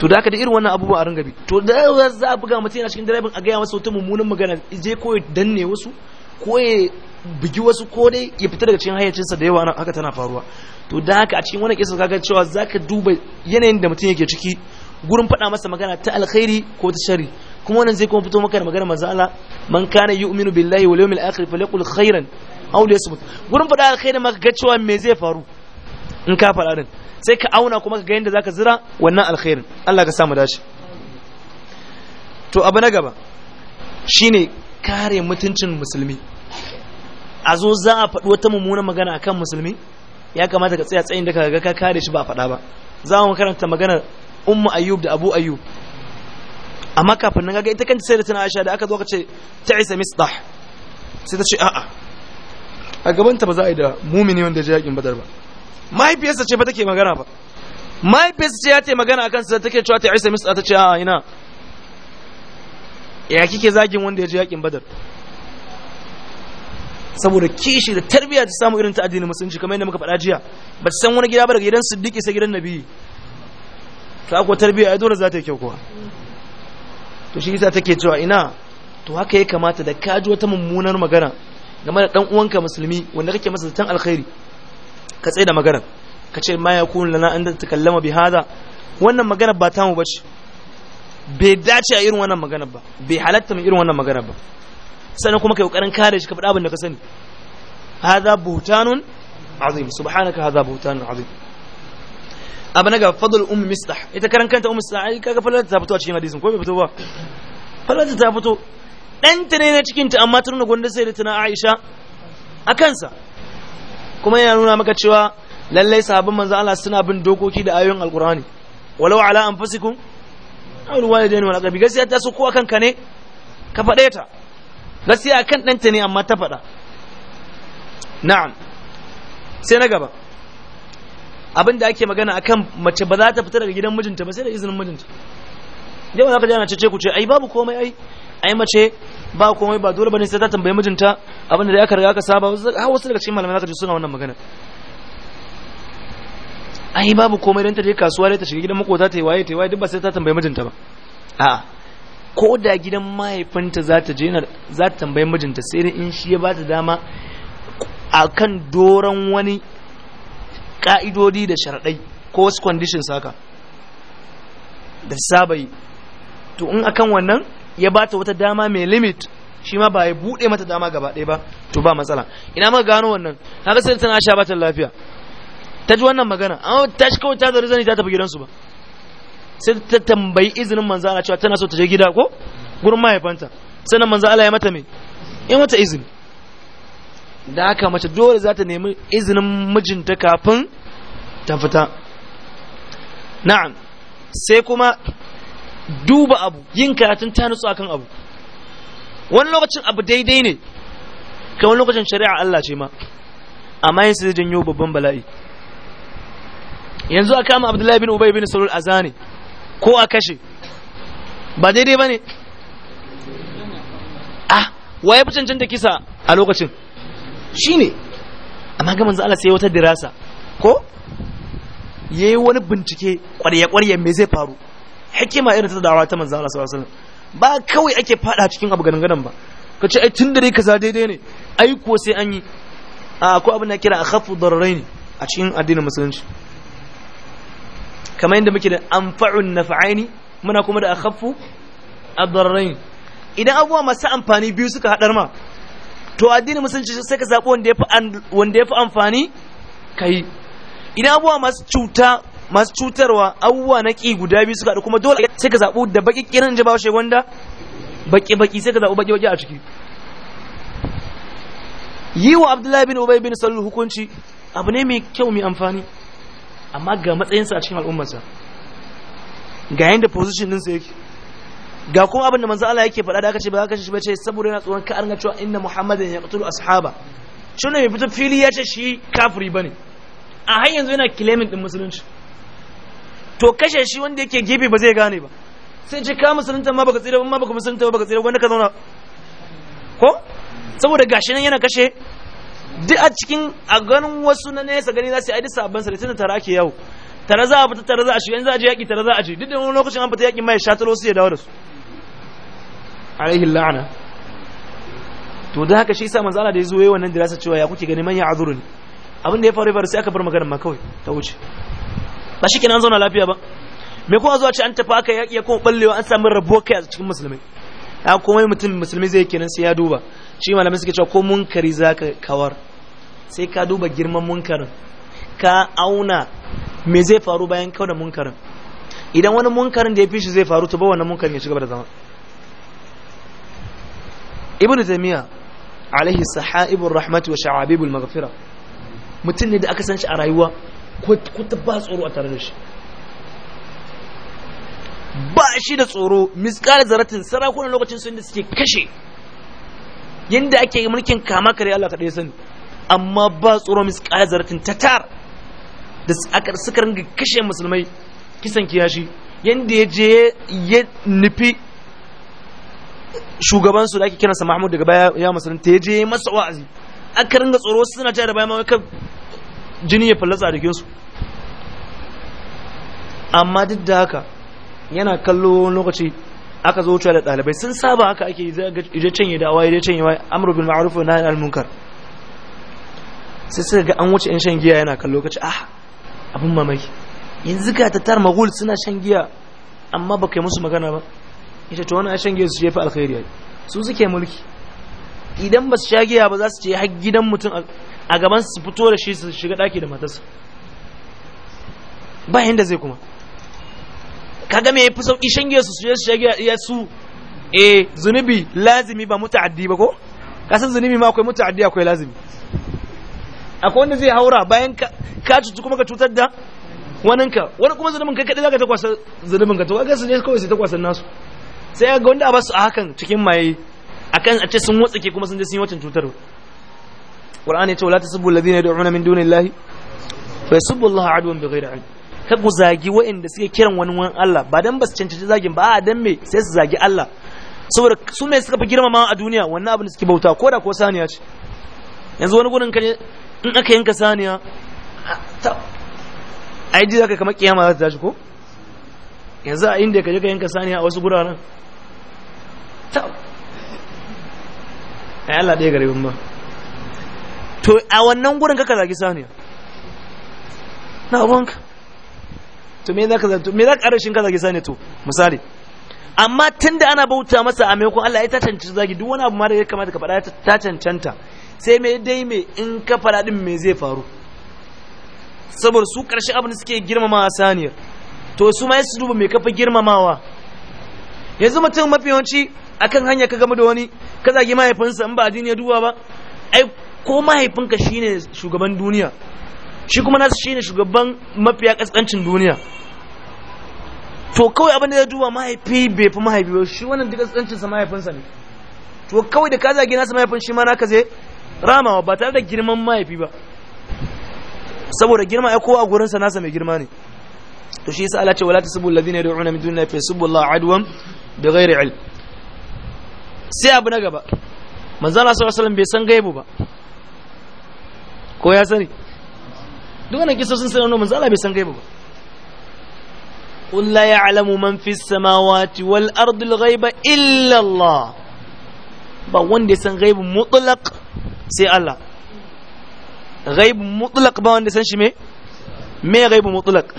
to da ka da irin wannan abubuwa a ringa bi to da za a buga mutum yana cikin direbin a gaya masa wata mummunan magana je ko ya danne wasu ko ya bugi wasu ko dai ya fita daga cikin hayyacinsa da yawa haka tana faruwa to da haka a cikin wani kisa gan cewa za ka duba yanayin da mutum yake ciki gurin faɗa masa magana ta alkhairi ko ta shari kuma wannan zai kuma fito maka da magana mazala man kana yu'minu billahi wal yawmil akhir falyaqul khairan aw liyasmut gurin faɗa alkhairi maka ga cewa me zai faru in ka faɗa din sai ka auna kuma ka ga yanda zaka zira wannan alkhairin Allah ka samu dace to abu na gaba shine kare mutuncin musulmi a zo za a faɗi wata mummunan magana akan musulmi ya kamata ka tsaya tsayin da ka ga ka kare shi ba faɗa ba za mu karanta magana ummu ayyub da abu ayyub amma kafin nan ga ita kanta sai da tana aisha da aka zo ka ce ta isa misdah sai ta ce a'a a gabanta ba za a yi da mumini wanda ya yakin badar ba mahaifiyarsa ce ba take magana ba mahaifiyarsa ce ya ta magana akan sai take cewa ta isa misdah ta ce a'a ina ya kike zagin wanda ya je yakin badar saboda kishi da tarbiyya ta samu irin ta addini musulunci kamar yadda muka faɗa jiya ba san wani gida ba daga gidan siddiqi sai gidan nabi to akwa tarbiyya ai dole za ta yi kyau kuwa to shi yasa take cewa ina to haka ya kamata da ka ji wata mummunar magana game da dan uwanka musulmi wanda kake masa zaton alkhairi ka tsaye da magana ka ce ma yakun lana an kallama bi hada wannan magana ba ta mu bace bai dace a irin wannan magana ba bai halatta mu irin wannan magana ba sannan kuma kai kokarin kare shi ka faɗa abin da ka sani hadha buhtanun azim subhanaka hadha buhtanun azim abu na ga fadl ummi mistah ita karan kanta ummi mistah ai kaga falata ta fito a cikin hadisin ko bai fito ba falata ta fito dan ta ne na cikin ta amma ta nuna gwanda sai da tana Aisha a kansa kuma yana nuna maka cewa lallai sahabban manzo Allah suna bin dokoki da ayoyin alqur'ani walau ala anfusikum aw walidaini wal aqrabi gaskiya ta so ko akan ka ne ka faɗe ta gaskiya akan danta ne amma ta faɗa na'am sai na gaba abin da ake magana akan mace ba za ta fita daga gidan mijinta ba sai da izinin mijinta dai ba za ka ji ana cece ku ce ai babu komai ai ai mace ba komai ba dole bane sai ta tambayi mijinta abin da aka riga aka saba wasu daga cikin malamai za ka ji suna wannan magana ai babu komai dan ta je kasuwa dai ta shiga gidan makota ta yi waye ta yi waye duk ba sai ta tambayi mijinta ba a'a ko da gidan mahaifinta za ta jenar za ta tambayi mijinta sai dai in shi ya ba ta dama akan doron wani ka'idodi da sharaɗai ko wasu conditions haka da saba yi to in akan wannan ya ba ta wata dama mai limit shi ma ba ya buɗe mata dama gaba ɗaya ba to ba matsala ina ma gano wannan ga sai tana sha bata lafiya ta ji wannan magana an ta shi kawai ta zari zani ta tafi gidansu ba sai ta tambayi izinin manzo Allah cewa tana so ta je gida ko gurin mahaifanta sannan manzo Allah ya mata me ya mata izini da aka mace dole za ta nemi izinin mijinta kafin ta fita na'am sai kuma duba abu yin karatun ta nutsu akan abu wani lokacin abu daidai ne kai wani lokacin shari'a Allah ce ma amma yin sai janyo babban bala'i yanzu a kama abdullahi bin ubay bin salul azani ko a kashe ba daidai ba ne ah waye fi cancanta kisa a lokacin shi ne amma ga manzo Allah sai wata dirasa ko ya yi wani bincike kwarya-kwarya mai zai faru hikima irin ta dawa ta manzo Allah sallallahu alaihi wasallam ba kawai ake fada cikin abu ganin ba ka ce ai tun dare kaza daidai ne ai ko sai an yi a ko abin da kira akhaffu dararain a cikin addinin musulunci kamar yadda muke da anfa'un naf'aini muna kuma da akhaffu ad-dararain idan abuwa masu amfani biyu suka hadar ma to addinin musulunci sai ka zabo wanda yafi wanda yafi amfani kai idan abuwa masu cuta masu cutarwa abuwa na ki guda biyu suka haɗu kuma dole sai ka zabo da baƙi kiran jaba shi wanda baƙi baƙi sai ka zabo baƙi baƙi a ciki yi wa abdullahi bin ubay bin sallu hukunci abu ne mai kyau mai amfani amma ga matsayinsa a cikin al'ummarsa ga da position ɗinsa yake ga kuma abin da manzo Allah yake faɗa da aka ce ba aka shi ba ce saboda yana tsoron ka arga cewa inna ya yaqtulu ashaba shi ne mai fito fili ya ce shi kafiri bane a har yanzu yana claiming din musulunci to kashe shi wanda yake gibi ba zai gane ba sai ce ka musulunta ma baka tsira ba ma baka musulunta ba baka tsira wanda ka zauna ko saboda gashi nan yana kashe duk a cikin a ganin wasu na nesa gani za su yi sabon tun da tara ke yau tara za a fita tara za a shiga in za a je yaƙi tara za a je duk da wani lokacin an fita yaƙi mai shatalo su ya dawo da su alaihi la'ana to da haka shi sa manzo Allah da yazo yayin wannan dirasa cewa ya kuke gani man ya ne. abin da ya faru faru sai aka bar magana ma kawai ta wuce ba shi kenan zauna lafiya ba me kuma zuwa ce an tafi aka yaƙi ya kuma ballewa an samu rabuwar kai a cikin musulmai ya komai mutum musulmi zai kenan sai ya duba shi malamai suke cewa ko munkari zaka kawar sai ka duba girman munkarin ka auna me zai faru bayan kau munkarin idan wani munkarin da ya fi shi zai faru tuba ba wannan munkarin ya shiga da zama ibn zamiya alaihi sahaibur rahmatu wa sha'abibul maghfira mutum ne da aka san shi a rayuwa ko ta ba tsoro a tare da shi ba shi da tsoro miskar zaratin sarakunan lokacin sun da suke kashe yadda ake mulkin kama kare Allah ɗaya sani amma ba tsoro misƙaya zaratin tatar da suka ringa kashe musulmai kisan kiyashi yadda ya je ya nufi shugabansu da ake kiransa mahmud daga baya ya musulunta ya je ya masa wa'azi aka ringa tsoro suna ta da baya mawai kan jini ya fallasa a jikinsu amma duk da haka yana kallo lokaci aka zo wucewa da ɗalibai sun saba haka ake yi zai ga ije canye da awa ije canye wa amru bil ma'ruf wa nahy al munkar sai suka ga an wuce yan shan giya yana kan lokaci ah abin mamaki yanzu ga tattar magul suna shan giya amma ba kai musu magana ba ita to wani shan giya su jefa alkhairi su suke mulki idan ba su sha giya ba za su ce har gidan mutum a gaban su fito da shi su shiga daki da matarsa ba yanda zai kuma kaga me yafi sauki shan giya su su je su sha giya su eh zunubi lazimi ba muta'addi ba ko kasan zunubi ma akwai muta'addi akwai lazimi akwai wanda zai haura bayan ka cutu kuma ka cutar da waninka wani kuma zunubin kai kaɗai zaka ta kwasa zunubin ka to ga su ne kawai sai ta kwasan nasu sai ga wanda a basu a hakan cikin maye akan a ce sun ke kuma sun je sun yi watan cutar qur'ani ce wala tasubbu alladhina yad'una min dunillahi fa yasubbu allaha adwan bighairi ilm ka ku zagi waɗanda suke kiran wani wani Allah ba dan basu cancanci zagin ba a dan me sai su zagi Allah saboda su me suka fi girmama a duniya wannan abin da suke bauta ko da ko saniya ce yanzu wani gurin kan in aka yanka saniya ai ji zaka kama kiyama za ta tashi ko yanzu a inda ka je ka yanka saniya a wasu guraren ta a Allah ɗaya garibin ba to a wannan gurin ka zaki saniya na wanka to me za zanto me zaka ka shinka zaki saniya to misali amma tun da ana bauta masa a maimakon Allah ya ta cancanta zagi duk wani abu ma da ya kamata ka faɗa ta cancanta sai mai dai mai in ka faɗa ɗin mai zai faru saboda su ƙarshen abin suke girmama saniyar to su ma su duba mai kafa girmamawa yanzu mutum mafi yawanci akan hanya ka gama da wani ka zagi mahaifinsa in ba addini ya duba ba ai ko mahaifinka shine shugaban duniya shi kuma nasu shine shugaban mafiya kaskancin duniya to kawai abin da ya duba mahaifi bai fi mahaifi ba shi wannan duk kaskancin mahaifinsa ne to kawai da ka zagi nasu mahaifin shi ma ka zai ramawa ba tare da girman mahaifi ba saboda girma ya kowa a gurinsa nasa mai girma ne to shi yasa Allah ce wala tasubul ladina yad'una min dunillahi fayasubullahu adwan bighairi ilm sai abu na gaba manzo Allah sallallahu alaihi wasallam bai san gaibu ba ko ya sani duk wannan kisa sun sanar manzo Allah bai san gaibu ba qul la ya'lamu man fis samawati wal ardi al ghaiba illa Allah ba wanda ya san gaibu mutlaq sai Allah ghaibu mutlaq ba wanda san shi me me ghaibu mutlaq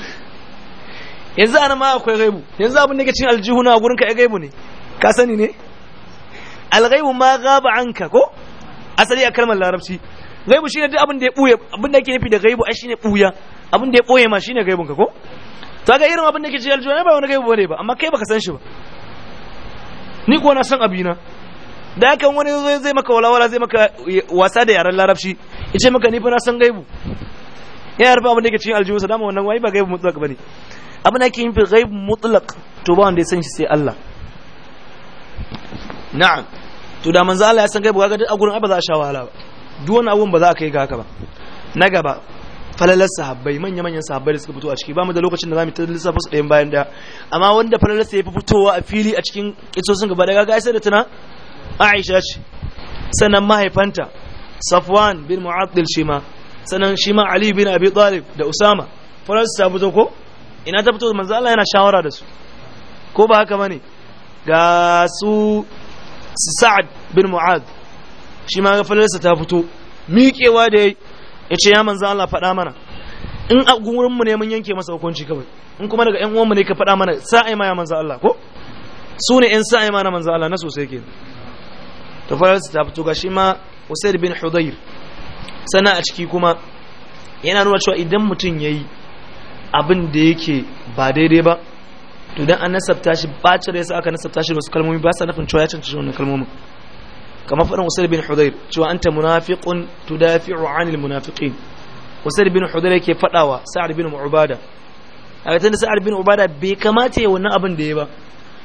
yanzu ana ma akwai ghaibu yanzu abin da ke cikin aljihu gurin ka ai ghaibu ne ka sani ne alghaibu ma ghaba anka ko asali a kalmar larabci ghaibu shine duk abin da ya buye abin da yake nufi da ghaibu ai shine buya abin da ya boye ma shine ghaibun ka ko to ga irin abin da ke cikin aljihu ba wani ghaibu bane ba amma kai baka san shi ba ni ko na san abina da hakan wani zo zai maka walawala zai maka wasa da yaren larabci ice maka ni fa na san gaibu ya rufe abin da yake cikin aljihu sadama wannan wai ba gaibu mutlaq bane abin da yake yin fi gaibu mutlaq to ba wanda ya san shi sai Allah na'am to da manzo Allah ya san gaibu kaga duk a gurin ai ba za a sha wahala ba duk wani abun ba za a kai ga haka ba na gaba falalar sahabbai manya manyan sahabbai da suka fito a ciki ba mu da lokacin da zamu ta lissafa su ɗayan bayan da amma wanda falalar sa fi fitowa a fili a cikin sun gaba da gaga sai da tuna aisha ce sannan mahaifanta safwan bin Mu'addil shima ma sannan shima ali bin abi talib da usama faransu ta fito ko ina ta fito manzo Allah yana shawara da su ko ba haka bane ga su sa'ad bin mu'ad shi ma gafalarsa ta fito miƙewa da yace ya manzo Allah faɗa mana in a mu ne mun yanke masa hukunci kawai in kuma daga ƴan mu ne ka faɗa mana sa'ai ma ya manzo Allah ko su ne ƴan sa'ai ma na manzo Allah na sosai kenan to fararsa ta fito gashi ma usaid bin hudayr sana a ciki kuma yana nuna cewa idan mutum yayi abin da yake ba daidai ba to dan an nasabta shi bacin yasa aka nasabta shi wasu kalmomi ba sa nufin cewa ya cancanci wannan kalmomin kamar faɗin usaid bin hudayr cewa anta munafiqun tudafi'u 'anil munafiqin usaid bin hudayr yake faɗawa sa'ad bin ubada a tunda sa'ad bin ubada bai kamata ya wannan abin da ya ba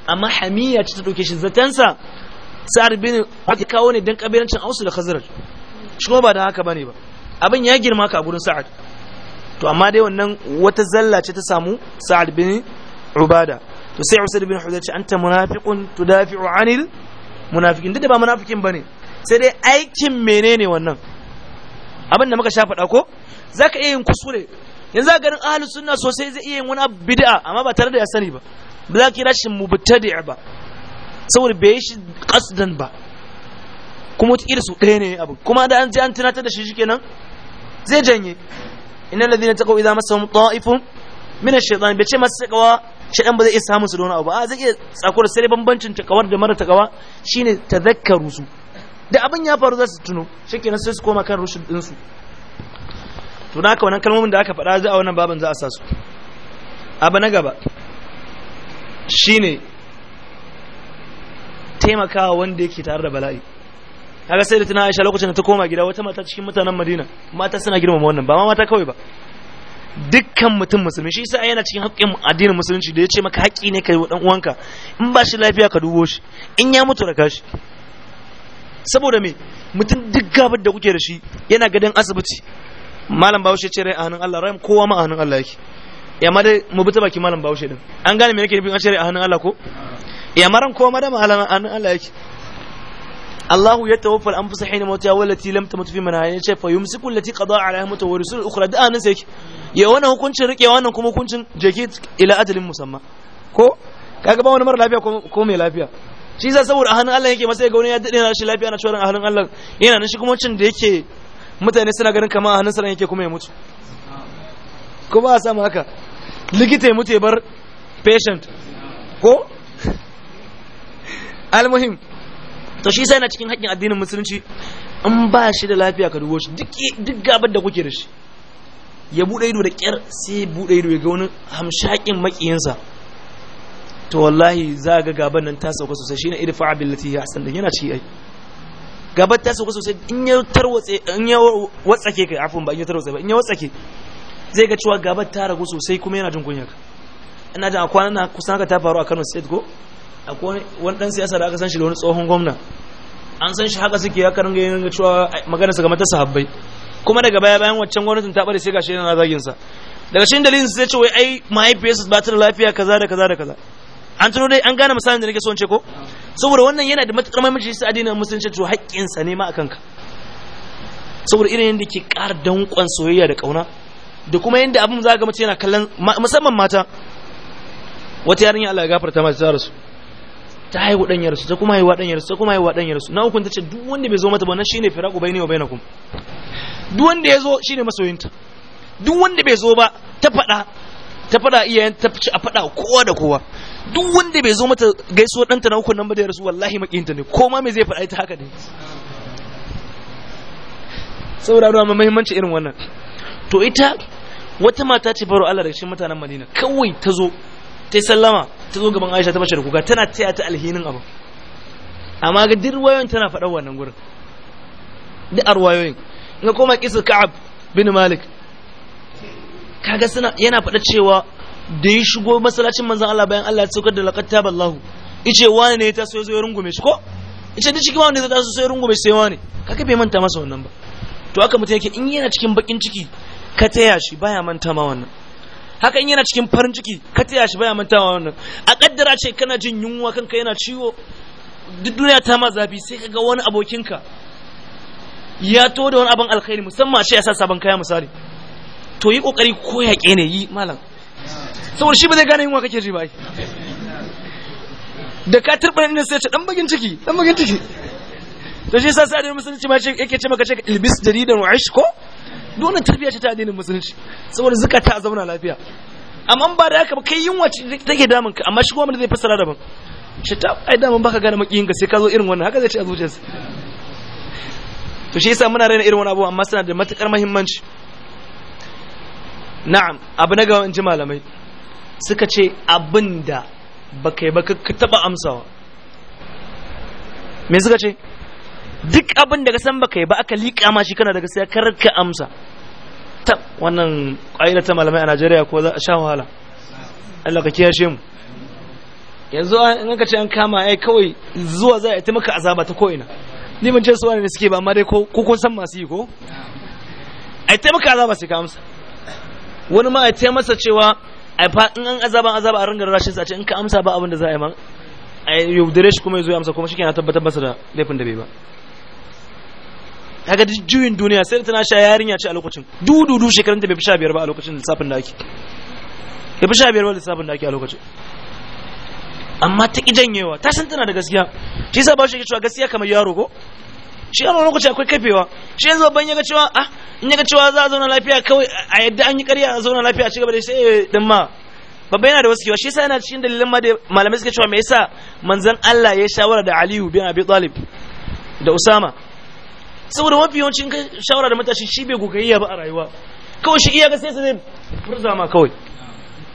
amma hamiya ce ta dauke shi zatansa sa'ad bin wata kawo ne don kabilancin ausu da khazirar shi kuma ba da haka bane ba abin ya girma ka a gurin sa'ad to amma dai wannan wata zalla ce ta samu sa'ad bin ubada to sai usaid bin hudayr ce anta munafiqun tudafi'u anil munafiqin duk da ba munafikin bane sai dai aikin menene wannan abin da muka sha faɗa ko zaka iya yin kusure yanzu a garin ahlus sunna sosai zai iya yin wani bid'a amma ba tare da ya sani ba ba za ka kira shi mubtadi' ba saboda bai shi kasdan ba kuma wata su ɗaya ne abu kuma da an ji an tunatar da shi shikenan zai janye inna ladina taqaw idza masahum ta'ifun min ash-shaytan bai ce masu takawa shaytan ba zai iya samun su da wani abu a zai iya tsakura sai bambancin takawar da mara takawa shine zakka su da abin ya faru za su tuno shikenan sai su koma kan rushin ɗinsu to n'a ka wannan kalmomin da aka faɗa za a wannan baban za a sa su abu na gaba shine taimakawa wanda yake tare da bala'i kaga sai da tana Aisha lokacin da ta koma gida wata mata cikin mutanen Madina mata suna girmama wannan ba ma mata kawai ba dukkan mutum musulmi shi sai yana cikin haƙƙin addinin musulunci da ya ce maka haƙƙi ne kai dan uwanka in ba shi lafiya ka dubo shi in ya mutu raka shi saboda me mutum duk gabar da kuke da shi yana gadon asibiti malam Bahaushe ce rai a Allah rai kowa ma a Allah yake ya ma dai mu bi ta baki malam Bahaushe din an gane me nake nufin a ce rai a Allah ko yamaran ko madama an Allah yake الله يتوفى الانفس حين موتها والتي wallati lam tamut fi ya ce fa yumsiku allati qada alaiha mautu wa rusul ukhra da anan sai ya wannan hukuncin rike wannan kuma hukuncin jeki ila ajalin musamma ko kaga ba wani mara lafiya ko mai lafiya shi yasa saboda a hannun Allah yake masa ga wani ya dade shi lafiya na cewa a hannun Allah yana nan shi kuma hukuncin da yake mutane suna ganin kamar a hannun sa yake kuma ya mutu ko ba a samu haka likita ya mutu ya bar patient ko almuhim to shi sai na cikin haƙƙin addinin musulunci in ba shi da lafiya ka dubo shi duk gabar da kuke da shi ya buɗe ido da ƙyar sai buɗe ido ya ga wani hamshaƙin maƙiyinsa to wallahi za ga gabar nan ta sauka sosai shine irfa billati ya hasan yana ci ai gabar ta sauka sosai in ya tarwatse in ya watsake kai afun ba in ya tarwatse ba in ya watsake zai ga cewa gabar ta ragu sosai kuma yana jin kunya ina da a na kusan ka ta faru a Kano State ko akwai wani dan siyasa da aka san shi da wani tsohon gwamna an san shi haka suke ya karanga yin cewa magana su game ta sahabbai kuma daga baya bayan waccan gwamnatin ta bare sai gashi yana zagin sa daga cikin dalilin sai ce wai ai mahaifiyarsa ba ta da lafiya kaza da kaza da kaza an tuno dai an gane misalin da nake so in ce ko saboda wannan yana da matukar muhimmanci sai addinin musulunci to haƙƙin sa ne ma akan ka saboda irin yadda ke ƙara danƙon soyayya da ƙauna da kuma yadda abin za ga mace yana kallon musamman mata wata yarinya Allah ya gafarta mata ta rasu ta haihu dan ta kuma haihuwa dan ta kuma haihuwa dan yarsu na hukunta ce duk wanda bai zo mata ba nan shine firaqu baini wa bainakum duk wanda ya zo shine masoyinta duk wanda bai zo ba ta fada ta fada iyayen ta fice a fada kowa da kowa duk wanda bai zo mata gaisuwar danta na ukun nan ba da yarsu wallahi makinta ne ko ma me zai fada ita haka ne saboda ruwa muhimmanci irin wannan to ita wata mata ce baro Allah da cikin mutanen Madina kawai ta zo ta sallama ta zo gaban aisha ta bashi da kuka tana taya ta alhinin abu amma ga duk wayoyin tana faɗa wannan gurin duk arwayoyin ga koma kisa ka'ab bin malik kaga suna yana faɗa cewa da ya shigo masallacin manzon Allah bayan Allah ya saukar da laqad taballahu yace wani ne ya taso ya zo ya rungume shi ko yace duk cikin wani ne ya taso sai ya rungume shi sai wani kaga bai manta masa wannan ba to haka mutum yake in yana cikin bakin ciki ka taya shi baya manta ma wannan haka in yana cikin farin ciki ka taya shi baya mantawa wannan a kaddara ce kana jin yunwa kanka yana ciwo duk duniya ta ma zafi sai ka ga wani abokinka ya to da wani abin alkhairi musamman a ce ya sa sabon kaya misali to yi kokari ko ya ne yi malam saboda shi ba zai gane yunwa kake ji ba da ka turba ne sai ce dan bagin ciki dan bagin ciki to shi yasa sai da musulunci ma yake ce maka ce ilbis jaridan wa ishko dole tarbiyya shi ta addinin musulunci saboda zuka ta zauna lafiya amma ba da haka ba kai yunwa take damun ka amma shi kuma zai fassara daban shi ta ai damun baka gane makiyin ka sai ka zo irin wannan haka zai ci a zuciyarsa to shi yasa muna raina irin wani abubuwa amma suna da matukar muhimmanci na'am abu na gawa in ji malamai suka ce abinda ba kai ba ka taba amsawa me suka ce duk abin da ka san baka yi ba aka liƙa ma shi kana daga sai ka amsa ta wannan ƙwayar ta malamai a Najeriya ko za a sha wahala Allah ka kiyashe mu yanzu an ka ce an kama ai kawai zuwa za a ta maka azaba ta ko ina ni ban ce su wani suke ba amma dai ko kun san masu yi ko ai ta maka azaba sai ka amsa wani ma ai ta masa cewa ai fa in an azaba azaba a ringa rashin sa ce in ka amsa ba abin da za a yi ma ai yaudare shi kuma ya zo ya amsa kuma shi ke na tabbatar masa da laifin da bai ba kaga juyin duniya sai tana sha yarinya ce a lokacin dududu shekarun ta bai fi sha biyar ba a lokacin lissafin da ake bai fi sha biyar ba lissafin da ake a lokacin amma ta yawa ta san tana da gaskiya shi yasa ba shi yake cewa gaskiya kamar yaro ko shi yaro lokaci akwai kafewa shi yanzu ban yaga cewa ah in yaga cewa za a zauna lafiya kawai a yadda an yi ƙarya a zauna lafiya a cigaba da sai din ma babban yana da wasu kewa shi yasa yana cikin dalilan ma da malamai suke cewa me yasa manzon Allah ya shawara da Aliyu bin Abi Talib da Usama saboda mafi yawancin shawara da matashi shi bai gogayya ba a rayuwa kawai shi iya ga sai zai furza ma kawai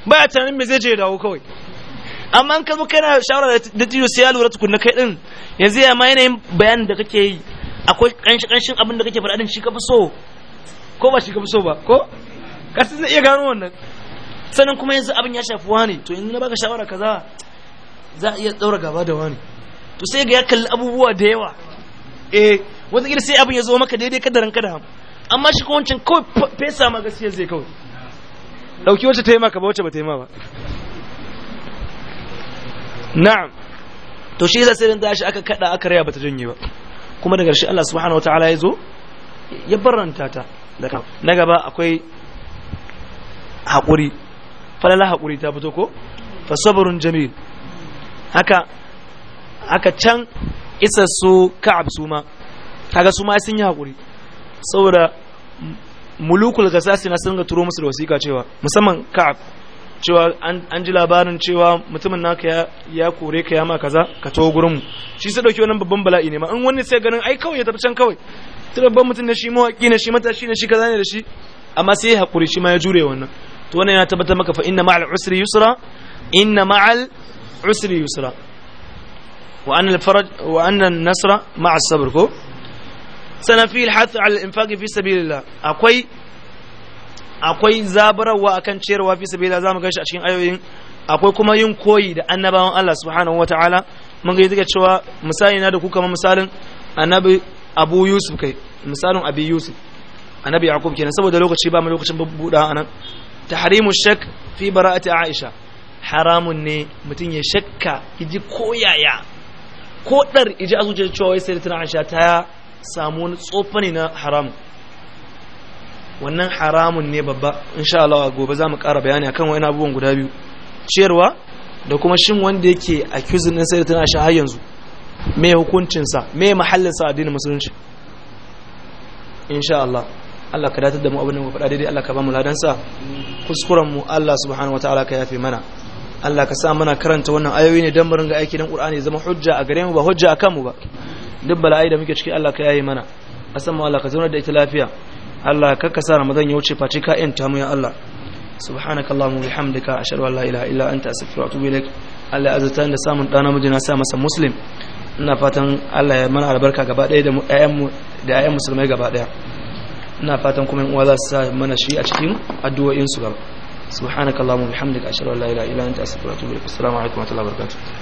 baya tunanin me zai je dawo kawai amma an kazo kana shawara da tiyo sai ya lura tukunna kai din yanzu ya ma yanayin bayanin da kake yi akwai kanshi kanshin abin da kake faɗin shi ka fi so ko ba shi ka fi so ba ko ka san zai iya gano wannan sannan kuma yanzu abin ya shafi wani to yanzu na baka shawara kaza za a iya daura gaba da wani to sai ga ya kalli abubuwa da yawa eh wataƙila sai abin ya zo maka daidai kadarin ka da ham amma shi kuma wancan kawai fesa ma gaskiya zai kawai ɗauki wacce ta yi maka ba wacce ba ta yi ma ba na'am to shi yasa sai da shi aka kada aka raya bata janye ba kuma daga shi Allah subhanahu ta'ala ya zo ya barranta ta daga na gaba akwai haƙuri falala haƙuri ta fito ko fa sabrun jamil haka haka can isa su ka'ab su ma kaga su ma sun yi hakuri saboda mulukul gasasi na sun ga turo musu da wasiƙa cewa musamman ka'ab cewa an ji labarin cewa mutumin naka ya kore ka ya ma kaza ka taho gurin mu shi sai dauki wannan babban bala'i ne ma in wani sai ganin ai kawai ya tafi can kawai tun babban mutum ne shi haƙi ne shi matashi ne shi kaza ne da shi amma sai ya hakuri shi ma ya jure wannan to wannan yana tabbatar maka fa inna ma'al usri yusra inna ma'al usri yusra wa anna al-faraj wa anna an-nasra ma'a sabr ko sannan fi alhath al infaqi fi sabilillah akwai akwai zabarawa akan cerewa fi za mu gashi a cikin ayoyin akwai kuma yin koyi da annabawan Allah subhanahu ta'ala mun ga daga cewa misali na da ku kamar misalin annabi Abu Yusuf kai misalin Abi Yusuf annabi yakub kenan saboda lokaci ba mu lokacin buɗa anan tahrimu shak fi bara'ati Aisha haramun ne mutum ya shakka iji koyaya ko dar iji a cewa wai tana Aisha ta samu wani tsofa ne na haramun wannan haramun ne babba insha Allah gobe za mu ƙara bayani akan wani abubuwan guda biyu ciyarwa da kuma shin wanda yake a kyuzin ɗin sai da tana sha har yanzu me hukuncinsa me mahallinsa a addinin musulunci insha Allah Allah ka datar da mu abin da mu faɗa daidai Allah ka ba mu ladansa kuskuren mu Allah subhanahu wataala ka yafe mana Allah ka sa mana karanta wannan ayoyi ne dan mu ringa aiki dan Qur'ani zama hujja a gare mu ba hujja a kanmu ba duk bala'ai da muke ciki Allah ka yaye mana asamma Allah ka zaunar da ita lafiya Allah ka kasa Ramadan ya wuce face ka yanta mu ya Allah wa bihamdika ashhadu an la ilaha illa anta astaghfiruka wa atubu ilaik Allah azza da samun ɗana namiji na sa masa muslim ina fatan Allah ya mana albarka gaba daya da mu da ayyan musulmai gaba ɗaya ina fatan kuma in uwa za su sa mana shi a cikin addu'o'in su gaba wa bihamdika ashhadu an la ilaha illa anta astaghfiruka wa atubu ilaik assalamu alaikum wa rahmatullahi wa barakatuh